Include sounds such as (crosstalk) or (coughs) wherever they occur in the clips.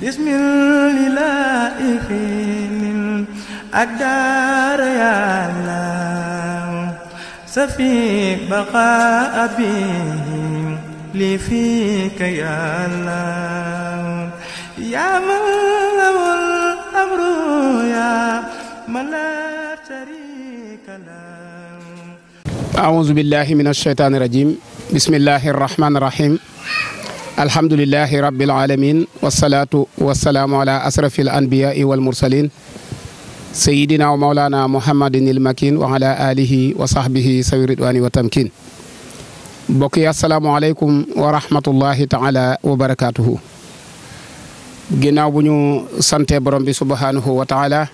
bismillaahi أدار يا الله سفي بقاء أبيهم لي فيك يا الله يا من له الأمر يا من لا شريك له أعوذ بالله من الشيطان الرجيم بسم الله الرحمن الرحيم alhamdulilahi rabbil alamin wasalaatu wasalaamu ala asrafi al anbiyai wal mursalin sayidina wa maulana muhammadin il makin wa ala alihi wa sahbihi sawi ridwani wa tamkin mbokk yi asalaamualeykum wa rahmatullahi taala wa barakatuhu ginnaaw bu ñu sante borom bi subhanahu wa taala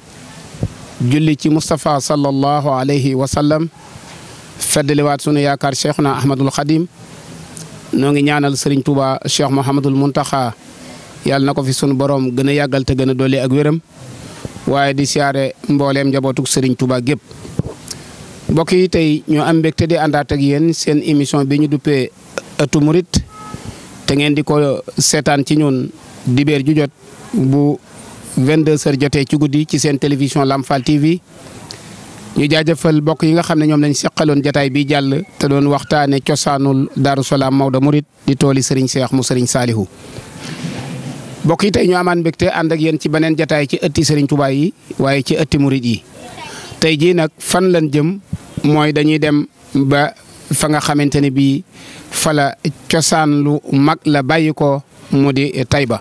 julli ci moustapha sallallahu alayhi wa sallam feddaliwaat sunu yaakaar cheikhuna ahmadul xadim noo ngi ñaanal sëriñ Touba Cheikh Mouhamadul Mountakha yàlla na ko fi sunu borom gën a yàggal te gën a dolli ak wéram waaye di siyaare mbooleem njabootug sëriñ Touba gépp mbokk yi tey ñu am mbégte di àndaat ak yéen seen émission bi ñu duppee ëttu murit te ngeen di ko seetaan ci ñun dibéer ju jot bu 22h jotee ci guddi ci seen télévision Lamfal TV. ñu jaajëfal bokk yi nga xam ne ñoom lañ seqaloon jataay bi jàll te doon waxtaane cosaanul Daaru Salaam Maodo Murit di tooli Serigne Cheikh mu Serigne Saalihu bokk yi tey ñu amaan mbégte ànd ak yéen ci beneen jataay ci ëtti Serigne Touba yi waaye ci ëtti murit yi tey jii nag fan lañ jëm mooy dañuy dem ba fa nga xamante ne bii fa la cosaan lu mag la bàyyi ko mu di Tayba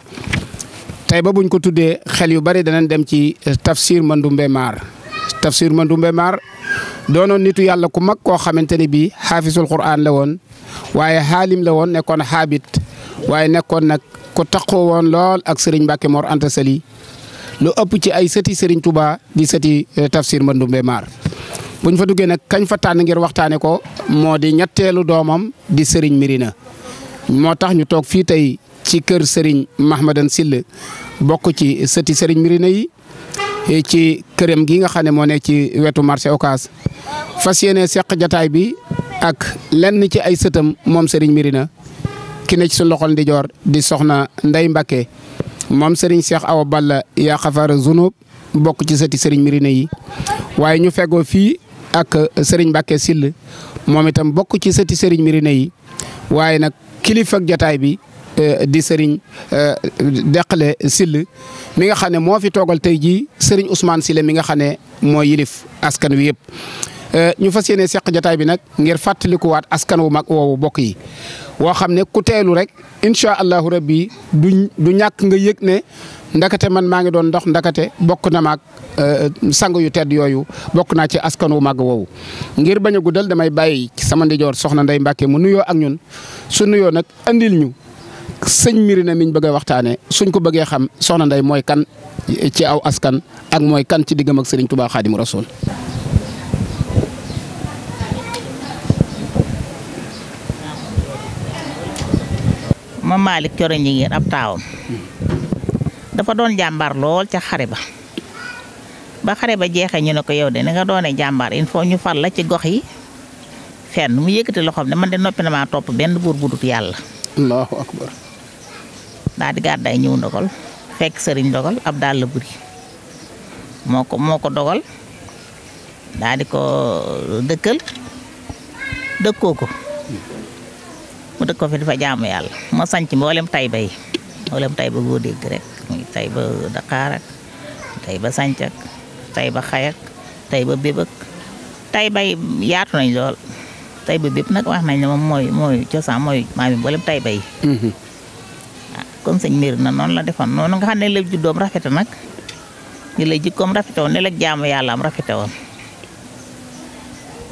Tayba buñ ko tuddee xel yu bari danañ dem ci tafsir Mandoumbe Maar tafsir Mandoumbe Maar doonoon nitu yàlla ku mag koo xamante ne bii xaafisul quraan la woon waaye xaalim la woon nekkoon xaabit waaye nekkoon nag ku taqoo woon lool ak sëriñ Mbacke Mor Anta Sali lu ëpp ci ay sëti Serigne Touba di sëti eh, tafsir Mandoumbe Maar buñ fa duggee nag kañ fa tànn ngir waxtaanee ko moo di ñetteelu doomam di Serigne Mirina moo tax ñu toog fii tey ci kër Serigne Mahmadan Sill bokk ci sëti Serigne Mirina yi. ci këram gi nga xam ne moo ne ci wetu marché Ocass fas yéene seq jataay bi ak lenn ci ay sëtam moom Serigne Mirina ki ne ci suñu loxol di di soxna Ndeye mbakke moom sëriñ Cheikh aw Balla yaa xafaara zunub bokk ci sëriñ Serigne Mirina yi waaye ñu fegoo fii ak sëriñ Mbacke Sill moom itam bokk ci sëriñ Serigne Mirina yi waaye nag kilifa ak jataay bi. di sëriñ euh, Deqale sil mi nga xam ne moo fi toogal tey jii sëriñ Ousmane Sile mi nga xam ne moo yilif askan wi yëpp. Euh, ñu fas yéene seq jataay bi nag ngir fàttalikuwaat askan wu mag woowu bokk yi woo xam ne ku teelu rek incha allahu rabbi du du ñàkk nga yëg ne ndakate man maa ngi doon ndox ndakate bokk na maag euh, sang yu tedd yooyu bokk naa ci askan wu mag woowu. ngir bañ a guddal damay bàyyi sama ndijoor soxna nday Mbàkke mu nuyoo ak ñun su nuyoo nag andil ñu. sëñ na miñ bëgg a waxtaanee suñ ko bëggee xam soxna nday mooy kan ci aw askan ak mooy kan ci diggam ak sëriñ Touba Xaadimu Rasuul. ma Malick Coro ab taawam dafa doon jàmbaar lool ca xare ba ba xare ba jeexee ñu ne ko yow de ni nga doonee jàmbaar il foo ñu fal la ci gox yi fenn mu yëkkati loxoom ne man de noppi na maa topp benn buur budut yàlla. daa di gàddaay ñëw ndogal fekk sëriñ ndogal ab daal la buri moo ko moo ko dogal daa di ko dëkkal dëkkoo ko mu dëkkoo fi dafa jaamu yàlla moo sanc mboolem bay yi mboolem Tayba goo dégg rek tay ba Dakar ak ba sanc ak ba xay ak ba béb ak Tayba yaatu nañ lool Tayba bépp nag wax nañ ne moom mooy mooy cosaan mooy maami mboolem Tayba yi mm-hmm. comme sëñ miir na noonu la defoon noonu nga xam ne la juddoom rafete nag ni la jikkoom rafete woon la jaamu yàlla am rafete woon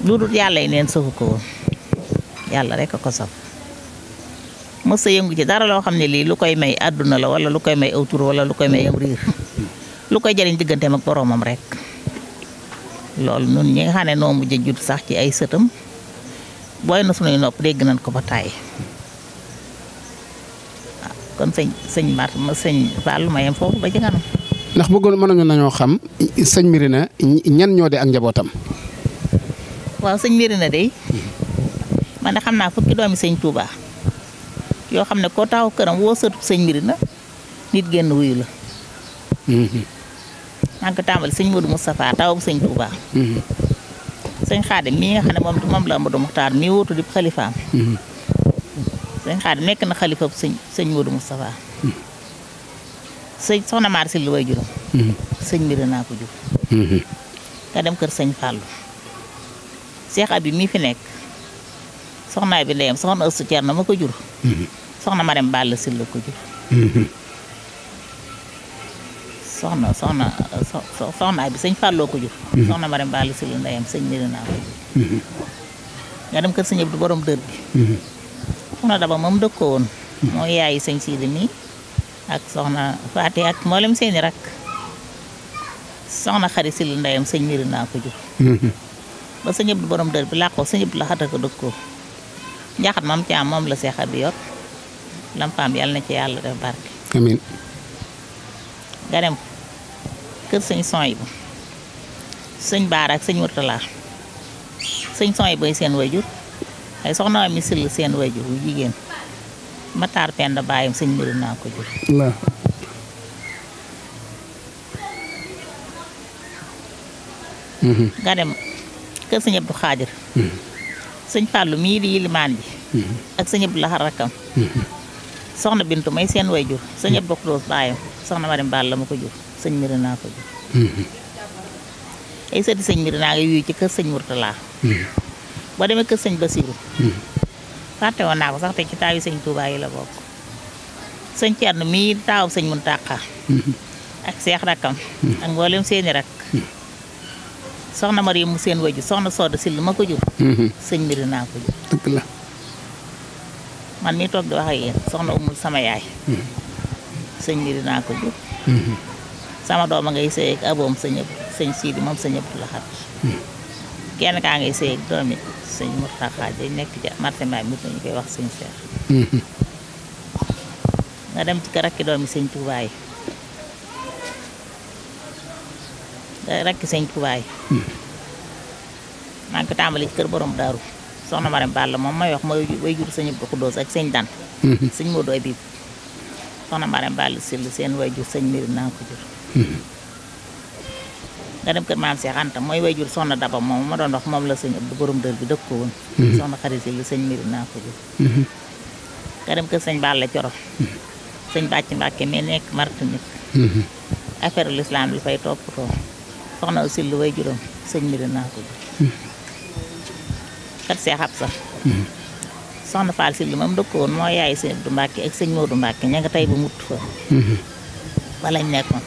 lu dul yàlla neen safu ko yàlla rek a ko saf mës yëngu ci dara loo xam ne lii lu koy may àdduna la wala lu koy may aw tur lu koy may am lu koy jariñ digganteem ak boroomam rek loolu nun ñi nga xam ne noo mujj a judd sax ci ay sëtam booy na sunuy nopp dégg nañ ko ba tàyyi kon sëñ sëñ Mar sëñ Fall ma yem foofu ba ci kanam. ndax bëggoon mënoon nañoo xam sëñ Mirina ñan ñoo de ak njabootam. waaw sëñ Mirina de man de xam naa fukki doomi sëñ Touba yoo xam ne koo taaw këram woo sëtu sëñ Mirina nit génn wuyu la. Mhm. maa ngi ko tàmbali sëñ Modou Moustapha taawam sëñ Touba. Mhm. mii nga xam ne moom moom la Amadou Muxtaar mii wuutu di xalifaam. Mhm. sëñ Xaadim nekk na xalifa sëñ sëñ Modou Moustapha hmm. sëñ soxna Mar Sylla way juróom hmm. sëñ mbir ko jur hmm. nga dem kër sëñ Fallou Cheikh Abi mii fi nekk soxnaay bi ndeyam soxna ëstu Cerno ma ko jur soxna ma dem Balla Sylla ko soxnaay bi sëñ Fallou ko jur soxna ma dem Balla Sylla ndeyam sëñ mbir ko jur nga dem kër sëñ Abdu borom dër bi Soxna Daba moom dëkkoo woon. moo yaayu sëñ Sidi mi ak soxna Faati ak mboolem seeni rakk soxna xari sil ndeyam sëñ miri naa ko jur ba sëñ bi làqoo sëñ la xata ko dëkkoo njaxat mam caam moom la seexa bi yor lampaam yàlla na ci yàlla def barke nga dem kër sëñ sony bu sëñ baar ak sëñ Murtala sëñ sony boy seen wayjur ay soxna Amy Sylla seen wayjur wu jigéen Matar Penda baayam sëñ mbiri naa ko jur mm-hmm. Mm-hmm. nga dem kër sëñ Abdou Xaadir mm-hmm. sëñ Fàllu mii di yilimaan ji ak sëñ Abdou Lahad rakkam soxna Bintu may seen wayjur sëñ Abdou Xudoos baayam soxna Marim Ball la ma ko jur sëñ mbiri naa ko jur ay sëti sëñ mbiri naa nga ci kër sëñ Murtala boo demee ko sëñ Basiru hmm. fàtte woon naa ko sax te ci taaw yi sëñ Touba yi la bokk sëñ Thierno mii taaw sëñ Muntaxa hmm. ak seex rakkam hmm. ak mboolem seeni rak soxna Marie mu seen waju soxna Soda lu ma ko jur sëñ mbiri naa ko jur dëgg sama yaay sëñ mbiri naa ko doom a ngay sëy ak aboom sëñ sëñ Sidi moom sëñ Abdou Lahad kenn kaa ngay sëy ak sëñ Mourtada day nekk ci marché mbaay mu ñu koy wax sëñ Seex mhm. nga dem ci rakki doomi sëñ Tuubaa yi rakki sëñ Tuubaa mhm. maa ngi ko tàmbali kër borom daaru soxna Maram Balla moom may wax mooy way jur sëñ Xuddoos ak sëñ Dan mhm. sëñ Modou Abib soxna Maram Balla Sill seen way jur sëñ Mbir naa ko jur nga dem kër maam Cheikh mooy way jur soxna Daba moom ma doon wax moom la sëñ Abdou borom dër bi dëkk ko woon mhm. soxna xarit yi sëñ mbiri naa ko jur mhm. nga dem kër sëñ Balla Coro mhm. sëñ Bàcc Mbàkke mi nekk Martinique affaire l'islam li fay toppatoo soxna aussi lu way juróom sëñ mbiri naa ko jur kat Cheikh Absa soxna Fall Syll moom dëkk woon moo yaay sëñ Abdou Mbàkke ak sëñ Modou Mbàkke ña nga tey bu mutt fa balañ nekkoon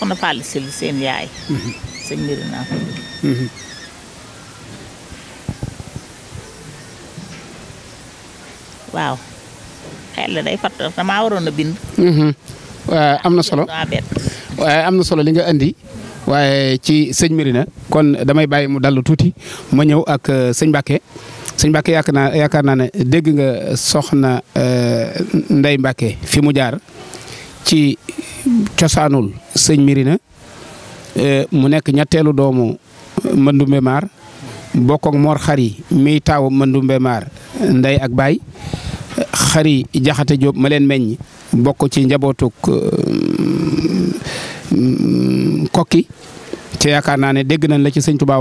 soxna Fall Syll seen yaay. Mhm. sëñ mhm. waaw mhm. am na solo am na solo li nga indi waaye ci sëñ Mérina kon damay bàyyi mu dallu tuuti ma ñëw ak euh, sëñ Mbacke sëñ Mbacke yaakaar naa yaakaar naa ne dégg nga soxna euh, Ndey Mbacke fi mu jaar. ci cosaanul sëñ Mirina e, mu nekk ñetteelu doomu Mandumbe Maar bokk ak Mor Xari mi taawu Mandumbe Maar ndey ak baay Xari Jaxate Jóob ma leen meññ bokk ci njabootuk e, mm, kokki te yaakaar naa ne dégg nañ la ci sëñ Tuubaa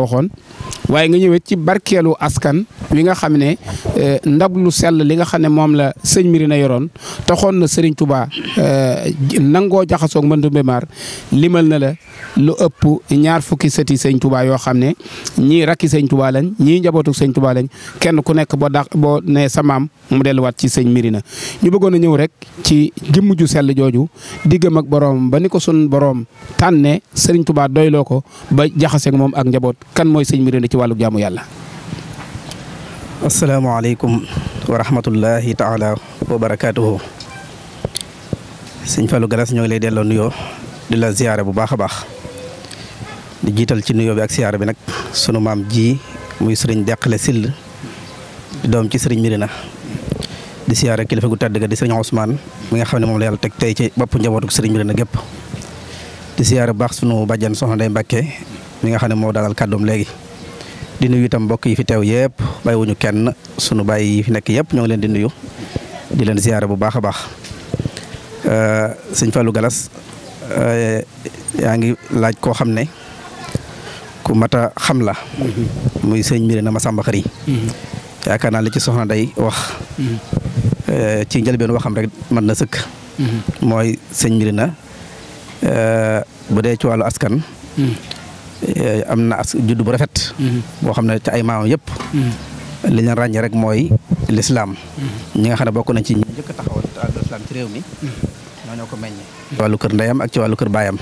waaye nga ñëwee ci barkeelu askan wi nga xam ne eh, ndab lu sell li nga xam ne moom la sëñ Mirina yoroon toxoon na Serigne Touba eh, nangoo jaxasoog Mandoumbe Mar limal na la lu ëpp ñaar fukki sëti sëñ Touba yoo xam ne ñii rakki sëñ tubaa lañ ñii njabootu sëñ Touba lañ kenn ku nekk boo da boo ne sa maam mu delluwaat ci sëñ Mirina ñu bëggoon a ñëw rek ci jëmm ju sell jooju diggam ak boroom ba ni ko sun boroom tànne Serigne Touba doyloo ko ba jaxaseeg moom ak njaboot kan mooy sëñ Mirina wàllu jaamu yàlla. asalaamaaleykum wa rahmatullahi taala wa ñoo ngi lay delloo nuyoo di la ziyaare bu baax a baax di jiital ci nuyoo bi ak ziyaare bi nag sunu maam ji muy sëriñ Deqale Sill di doom ci sëriñ Mirina di ziyaare kilifa gu tedd ga di sëriñ Ousmane mi nga xam ne moom la yàlla teg tey ci bopp njabootu sëriñ Mirina gépp di ziyaare bu baax sunu bàjjan soxna Ndeye Mbacke mi nga xam ne moo dalal kàddoom léegi. di nuyu itam mbokk yi fi teew yëpp wuñu kenn sunu baay yi fi nekk yëpp ñoo leen di nuyu di leen ziyaara bu baax a baax euh, sëñ Fallou Galas euh, yaa ngi laaj koo xam ne ku mat a xam la mm-hmm. muy sëñ mbiri na ma sàmba xëri mm-hmm. yaakaar naa li ci soxna day wax mm-hmm. euh, ci njëlbeen waxam rek mën na sëkk mooy sëñ mbiri na bu dee ci wàllu askan Eh, am na as judd bu rafet. Mhm. boo xam ne ci ay maamam yëpp. Mhm. li ñu ràññee rek mooy lislaam mhm. ñi nga xam ne bokk nañ ci réew mi. ñoo ñoo ko meññee. ci wàllu kër ak ci wàllu kër baayam.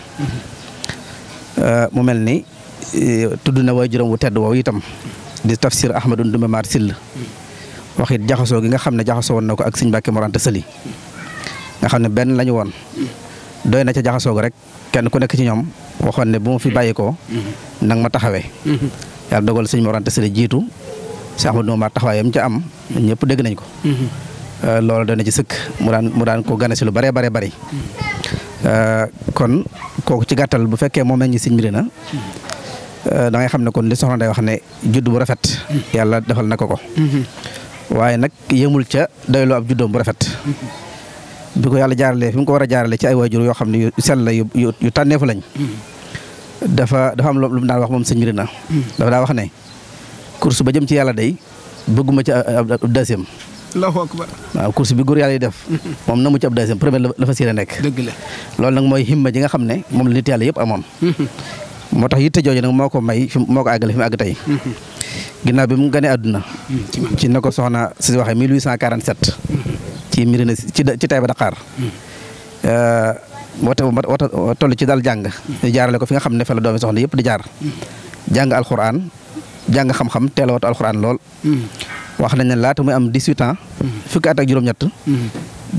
Eh, mu mel ni eh, tudd na way juróom wu tedd woowu itam. di tafsir Ahmadou Ndoumbe Maar Sill. wax it jaxasoo gi nga xam ne jaxasoo na ko ak sëñ Mbàkke Mor Anta nga xam ne benn lañu woon. na ca jaxasoo rek kenn ku nekk ci ñoom. waxoon ne bu ma fi bàyyi koo mm-hmm. nag ma taxawee mm-hmm. yàlla dogal sëñ Mor Anta Sali jiitu si Ahmadou ma taxawaayam ca am ñëpp dégg nañ ko mm-hmm. euh, loolu dana ci sëkk mu daan mu daan ko gane si lu bare bare bari euh, kon kooku ci gàttal bu fekkee moom meññi sëñ bi na euh, da ngay xam ne kon li soxna day wax ne judd bu rafet yàlla defal na ko ko waaye nag yëmul ca doylu juddoom bu rafet bi ko yàlla jaaralee fi ko war a jaaralee ci ay waajur yoo xam ne yu sell la yu tànneefu lañ. Mm-hmm. dafa dafa am lu mu daan wax moom sëñ na mm-hmm. dafa daa wax ne course ba jëm ci yàlla day bëgguma ci ab deuxième. allahu akbar waaw course bi góor yàlla yi def. Mm-hmm. moom na mu ci ab deuxième premier la fa séenee nekk. dëgg la loolu nag mooy himma ji nga xam ne moom la nit yàlla yëpp amoon. moo tax yitte jooju nag moo ko may fi moo ko àggale fi mu àgg tey. ginnaaw bi mu gane àdduna. ci na ko soxna ci Médina ci ci Taïba Dakar. Hmm. Euh, wata wata toll ci daal jàng. Hmm. jaarale ko fi nga xam ne fa la doomi soxna yëpp di jaar. Hmm. jàng alxuraan jàng xam-xam teel a wat alxuraan lool. wax nañ ne laata muy am 18 ans. fukki at ak juróom-ñett.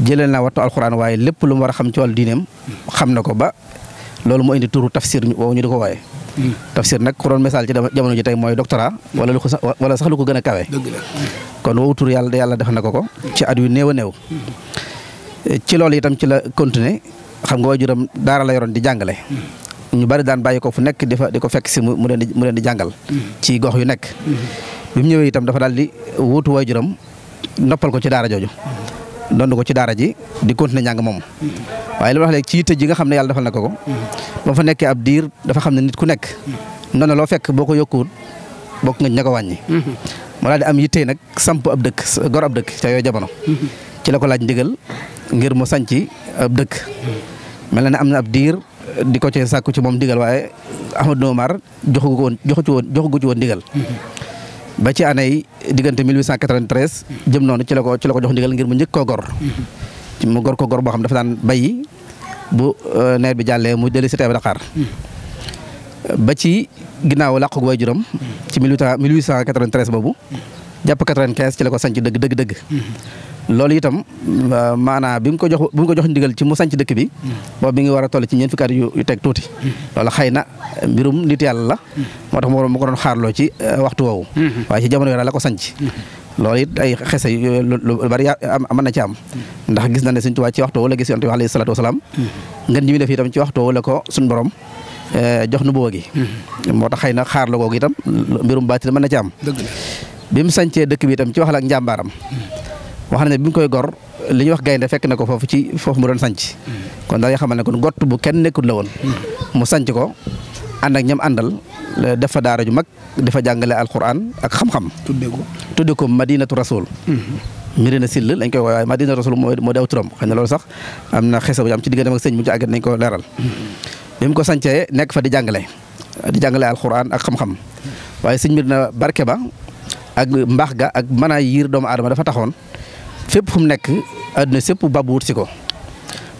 jëlee naa wattu alxuraan waaye lépp lu mu war a xam ci wàllu diineem. xam na ko ba loolu moo indi turu tafsir ñu woo ñu di ko waaye. tafsir nag ku doon misaal ci jamono ji tey mooy doctorat wala lu ko wala sax lu ko gën a kawe kon woowu yàlla yàlla na ko ko ci at yu néew ci loolu itam ci la continuer xam nga waajuram daara la yoroon di jàngale ñu bari daan bàyyi ko fu nekk di di ko fekk si mu leen di mu di jàngal ci gox yu nekk bi mu ñëwee itam dafa daal di wuutu waajuram noppal ko ci daara jooju doon ko ci daara ji di na njàng moom waaye li ma wax léegi ci yitte ji nga xam ne yàlla dafa na ko ko ba fa nekkee ab diir dafa xam ne nit ku nekk noonu loo fekk boo ko yokkuwul bokk nga ña ko wàññi mu daal di am yitte nag samp ab dëkk gor ab dëkk ca yooyu jamono ci la ko laaj ndigal ngir mu sanci ab dëkk mel na ne am na ab diir di ko ci sàkku ci moom ndigal waaye Ahmadou Omar mar joxu ci woon joxu ko ci woon ndigal ba ci année yi diggante 1893 jëm noonu ci la ko ci la ko jox ndigal ngir mu njëkk koo gor. Mhm. mu gor ko gor boo xam dafa daan bay bu euh, nawet bi jàllee mu dellu si teew Dakar. Mhm. ba ci ginnaaw làqu way juróom. ci 1893 boobu. jàpp 95 ci la ko sanc dëgg dëgg dëgg. Mhm. loolu itam euh, maanaam bi mu ko jox bi ko jox ndigal ci mu sanc dëkk bi boobu mi ngi war a toll ci ñeent fukki at yu teg tuuti loolu xëy na mbirum nit yàlla la moo tax mu ko doon xaarloo ci euh, waxtu woowu waaye jamono yooyu la ko sanc loolu it ay xese lu bari mën na ci am ndax gis na ne Sëñ Tuubaa ci waxtu woowu la gis yonent bi alayhi nga wasalaam ngeen def itam ci waxtu woowu la ko suñ borom euh, jox nu boogi moo tax xëy na xaarloo googu itam mbirum baatil mën na ci am bi mu sancee dëkk bi itam ci wax ak njàmbaaram wax na ne bi mu koy gor li ñuy wax gaynde fekk ne ko foofu ci foofu mu doon sanc kon da nga xamal ne kon gott bu kenn nekkul la woon mu sanc ko ànd ak ñam àndal def fa daara ju mag dafa jàngale alquran ak xam-xam tudde ko tudde ko madinatu rasul Mirina Sill lañ koy waaye Madina Rasul moo moo di aw turam xëy na loolu sax am na xesa bu am ci diggante ak sëñ bu ci àggat nañ ko leeral bi ko sancee nekk fa di jàngale di jàngale alxuraan ak xam-xam waaye sëñ na barke ba ak mbaax ga ak mën a yiir doomu aadama dafa taxoon fépp fu mu nekk àdduna sépp babu wut si ko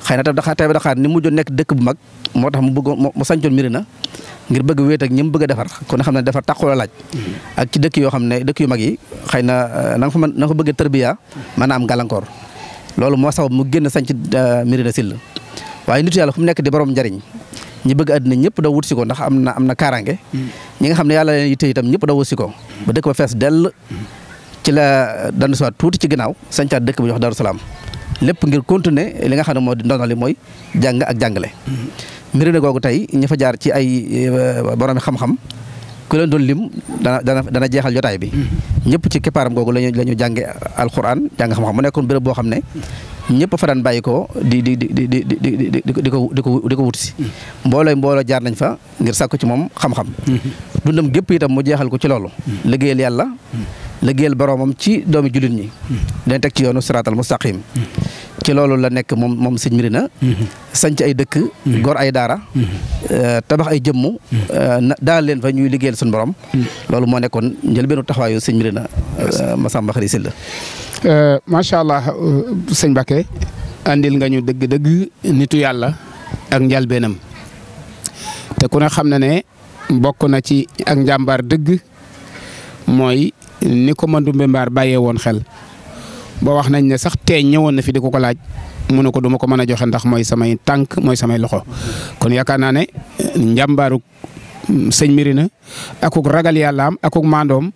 na tam daxaa Taïba Daxaar ni mujjoon nekk dëkk bu mag moo tax mu bëggoon mu sancoon Médina ngir bëgg wéet ak ñëm bëgg a defar kon xam ne defar tàqula laaj mm-hmm. ak ci dëkk yoo xam ne dëkk yu mag yi xëy na euh, na nga fa na nga bëgg a tërbiya maanaam gàllankoor loolu moo sabab mu génn sanc euh, Médina Syll waaye nitu yàlla fu mu nekk di borom njariñ ñi bëgg àddina ñëpp daw wut si ko ndax am na am na kaaraange mm-hmm. ñi nga xam yàlla leen yitte itam ñëpp daw si ko ba dëkk ba fees dell mm-hmm. ci la danu si waat tuuti ci ginnaaw sancaat dëkk bi ñu wax Darou Salaam lépp ngir continuer li nga xam ne moo di ndonali mooy jàng ak jàngale. mbir ne googu tey ña fa jaar ci ay eh, borom xam-xam ku leen doon lim dana dana dana jeexal jotaay bi. Mm-hmm. ñëpp ci keppaaram googu la ñu la ñu alxuraan jàng xam-xam mu nekkoon béréb boo xam ne. ñëpp fa daan bàyyi ko di di di di di di di ko di ko wut si. Hmm. mbooloo mbooloo jaar nañ fa ngir sàkku ci moom xam-xam. Hmm. dundam gépp itam mu jeexal ko ci loolu. Hmm. liggéeyal yàlla. liggéeyal boroomam ci doomi jullit ñi. dañ teg ci yoonu siraatal mustaqim ci loolu la nekk moom moom sëñ Mirina mm-hmm. sanc ay dëkk mm-hmm. gor ay daara mm-hmm. euh, tabax ay jëmm euh, daal leen fa ñuy liggéeyal suñu borom loolu moo nekkoon njëlbeenu taxawaayu sëñ Mirina euh, Massamba Khary Sylla macha allah sëñ Bakke andil nga ñu dëgg-dëgg nitu yàlla ak njalbeenam te ku ne xam na ne bokk na ci ak njàmbaar dëgg mooy ni ko Mandoumbe Mbaar bàyyee woon xel ba wax nañ ne sax teeñ ñëwoon na fi di ko laaj mu ne ko duma ko mën a joxe ndax mooy samay tànk mooy samay loxo kon yaakaar naa ne njàmbaarug mm, sëñ Mirina akuk ragal yàllaam akuk maandoom